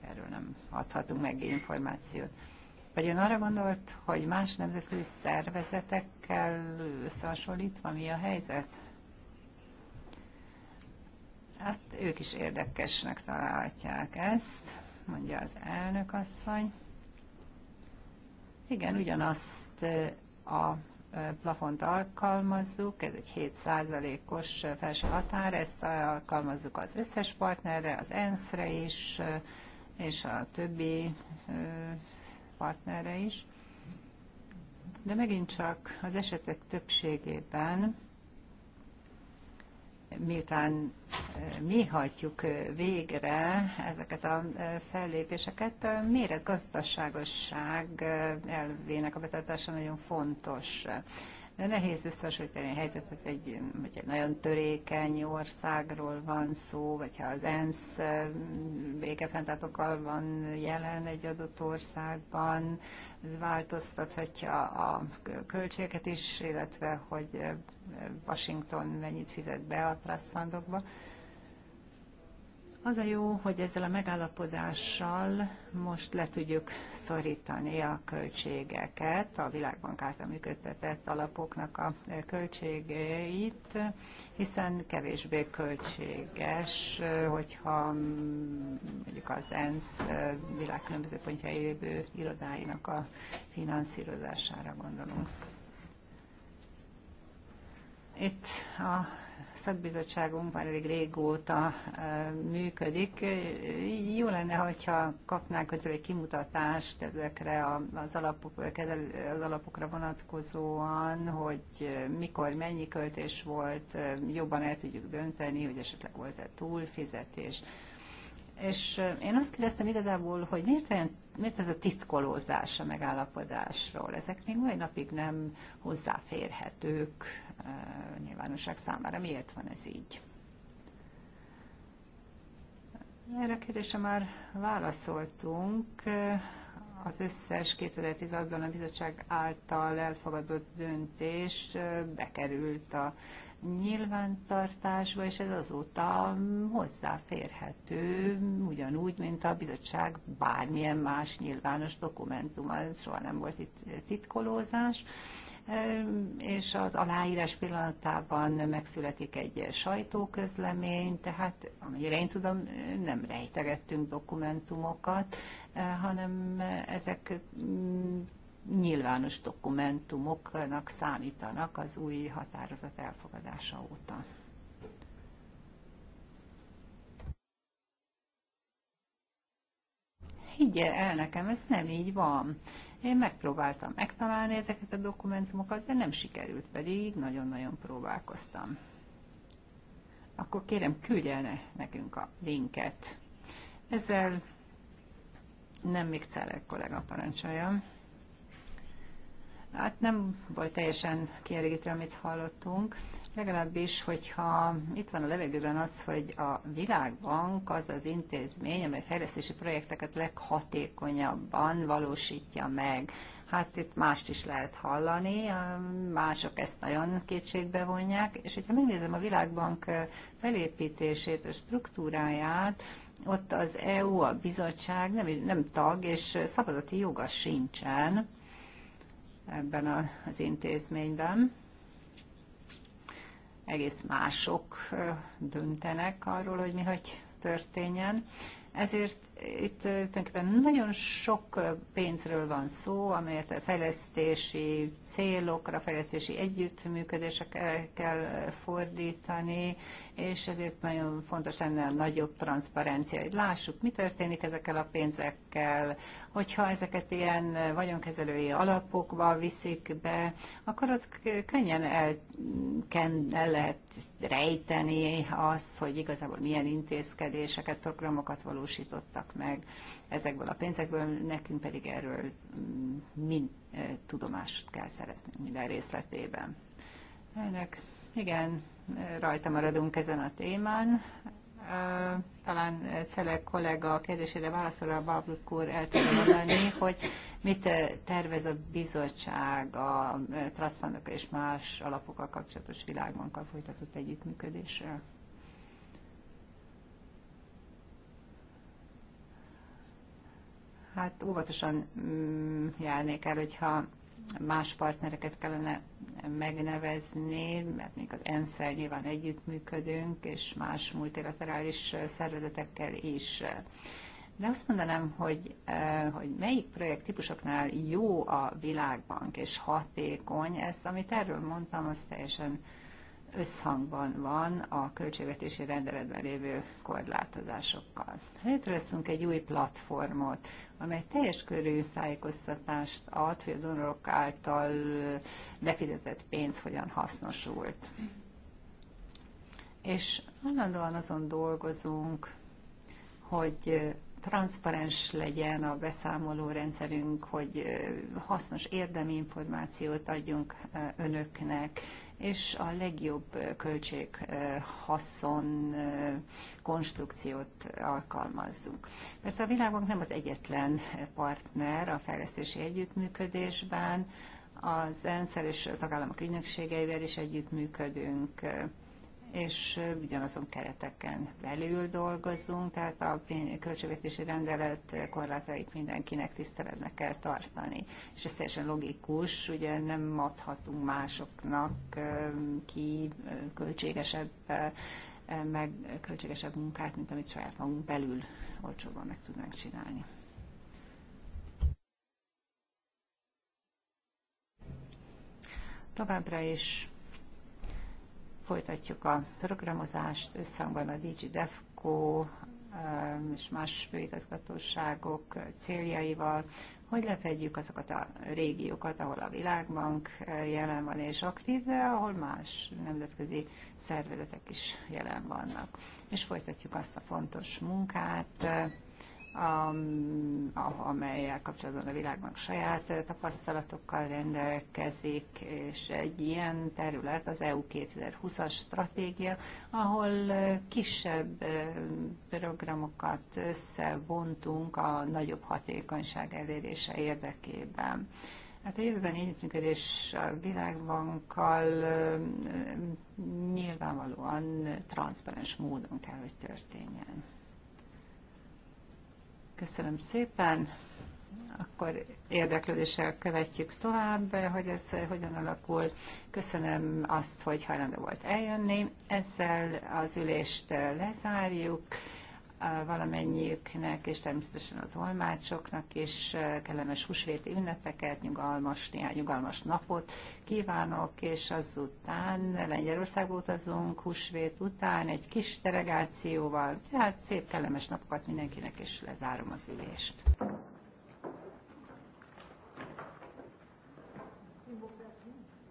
Erről nem adhatunk meg információt. Vagy ön arra gondolt, hogy más nemzetközi szervezetekkel összehasonlítva mi a helyzet? Hát ők is érdekesnek találhatják ezt, mondja az elnök asszony. Igen, ugyanazt a plafont alkalmazzuk, ez egy 7%-os felső határ, ezt alkalmazzuk az összes partnerre, az ENSZ-re is, és a többi partnerre is. De megint csak az esetek többségében miután mi hagyjuk végre ezeket a fellépéseket, gazdaságosság elvének a betartása nagyon fontos. De nehéz összehasonlítani a helyzetet, egy, hogy egy nagyon törékeny országról van szó, vagy ha az ENSZ békefenntartókkal van jelen egy adott országban, ez változtathatja a költségeket is, illetve hogy Washington mennyit fizet be a trust fundokba. Az a jó, hogy ezzel a megállapodással most le tudjuk szorítani a költségeket, a Világbank által működtetett alapoknak a költségeit, hiszen kevésbé költséges, hogyha mondjuk az ENSZ világ különböző pontjai lévő irodáinak a finanszírozására gondolunk. Itt a szakbizottságunk már elég régóta e, működik. Jó lenne, hogyha kapnánk hogy egy kimutatást ezekre az, alapok, az alapokra vonatkozóan, hogy mikor mennyi költés volt, jobban el tudjuk dönteni, hogy esetleg volt-e túlfizetés. És én azt kérdeztem igazából, hogy miért, olyan, miért ez a titkolózás a megállapodásról? Ezek még mai napig nem hozzáférhetők nyilvánosság számára. Miért van ez így? Erre a kérdésre már válaszoltunk az összes 2016-ban a bizottság által elfogadott döntés bekerült a nyilvántartásba, és ez azóta hozzáférhető, ugyanúgy, mint a bizottság bármilyen más nyilvános dokumentuma, soha nem volt itt titkolózás és az aláírás pillanatában megszületik egy sajtóközlemény, tehát amire én tudom, nem rejtegettünk dokumentumokat, hanem ezek nyilvános dokumentumoknak számítanak az új határozat elfogadása óta. higgye el nekem, ez nem így van. Én megpróbáltam megtalálni ezeket a dokumentumokat, de nem sikerült pedig, nagyon-nagyon próbálkoztam. Akkor kérem, küldjelne nekünk a linket. Ezzel nem még Celek kollega parancsoljam. Hát nem volt teljesen kielégítő, amit hallottunk. Legalábbis, hogyha itt van a levegőben az, hogy a Világbank az az intézmény, amely fejlesztési projekteket leghatékonyabban valósítja meg. Hát itt mást is lehet hallani, mások ezt nagyon kétségbe vonják, és hogyha megnézem a Világbank felépítését, a struktúráját, ott az EU, a bizottság nem, nem tag, és szabadati joga sincsen ebben az intézményben. Egész mások döntenek arról, hogy mi hogy történjen. Ezért itt tulajdonképpen nagyon sok pénzről van szó, amelyet a fejlesztési célokra, fejlesztési együttműködésekre kell fordítani, és ezért nagyon fontos lenne a nagyobb transzparencia, hogy lássuk, mi történik ezekkel a pénzekkel. Hogyha ezeket ilyen vagyonkezelői alapokba viszik be, akkor ott könnyen el, el lehet rejteni azt, hogy igazából milyen intézkedéseket, programokat valósítottak kapnak meg ezekből a pénzekből, nekünk pedig erről mm, mind e, tudomást kell szereznünk minden részletében. Elnök, igen, e, rajta maradunk ezen a témán. E, talán Celek kollega a kérdésére válaszolva Bablik úr el tudja mondani, hogy mit tervez a bizottság a transzfondok és más alapokkal kapcsolatos világban folytatott együttműködésre? hát óvatosan mm, járnék el, hogyha más partnereket kellene megnevezni, mert még az ensz nyilván együttműködünk, és más multilaterális szervezetekkel is. De azt mondanám, hogy, eh, hogy melyik projekt típusoknál jó a világbank és hatékony, ezt, amit erről mondtam, az teljesen összhangban van a költségvetési rendeletben lévő korlátozásokkal. Létrehozunk egy új platformot, amely teljes körű tájékoztatást ad, hogy a donorok által befizetett pénz hogyan hasznosult. És állandóan azon dolgozunk, hogy transzparens legyen a beszámoló rendszerünk, hogy hasznos érdemi információt adjunk önöknek, és a legjobb költség-haszon konstrukciót alkalmazzunk. Persze a világunk nem az egyetlen partner a fejlesztési együttműködésben, az ENSZ-el és a tagállamok ügynökségeivel is együttműködünk, és ugyanazon kereteken belül dolgozunk, tehát a költségvetési rendelet korlátait mindenkinek tiszteletnek kell tartani. És ez teljesen logikus, ugye nem adhatunk másoknak ki költségesebb meg költségesebb munkát, mint amit saját magunk belül olcsóban meg tudnánk csinálni. Továbbra is Folytatjuk a programozást összhangban a DG DEFCO um, és más főigazgatóságok céljaival, hogy lefedjük azokat a régiókat, ahol a Világbank uh, jelen van és aktív, de ahol más nemzetközi szervezetek is jelen vannak. És folytatjuk azt a fontos munkát, uh, amelyel kapcsolatban a világnak saját tapasztalatokkal rendelkezik, és egy ilyen terület az EU 2020-as stratégia, ahol kisebb programokat összebontunk a nagyobb hatékonyság elérése érdekében. Hát a jövőben együttműködés a Világbankkal nyilvánvalóan transzparens módon kell, hogy történjen. Köszönöm szépen. Akkor érdeklődéssel követjük tovább, hogy ez hogyan alakul. Köszönöm azt, hogy hajlandó volt eljönni. Ezzel az ülést lezárjuk valamennyiüknek, és természetesen a tolmácsoknak is kellemes húsvéti ünnepeket, nyugalmas, néhány nyugalmas napot kívánok, és azután Lengyelországba utazunk, húsvét után egy kis delegációval, tehát szép kellemes napokat mindenkinek, és lezárom az ülést.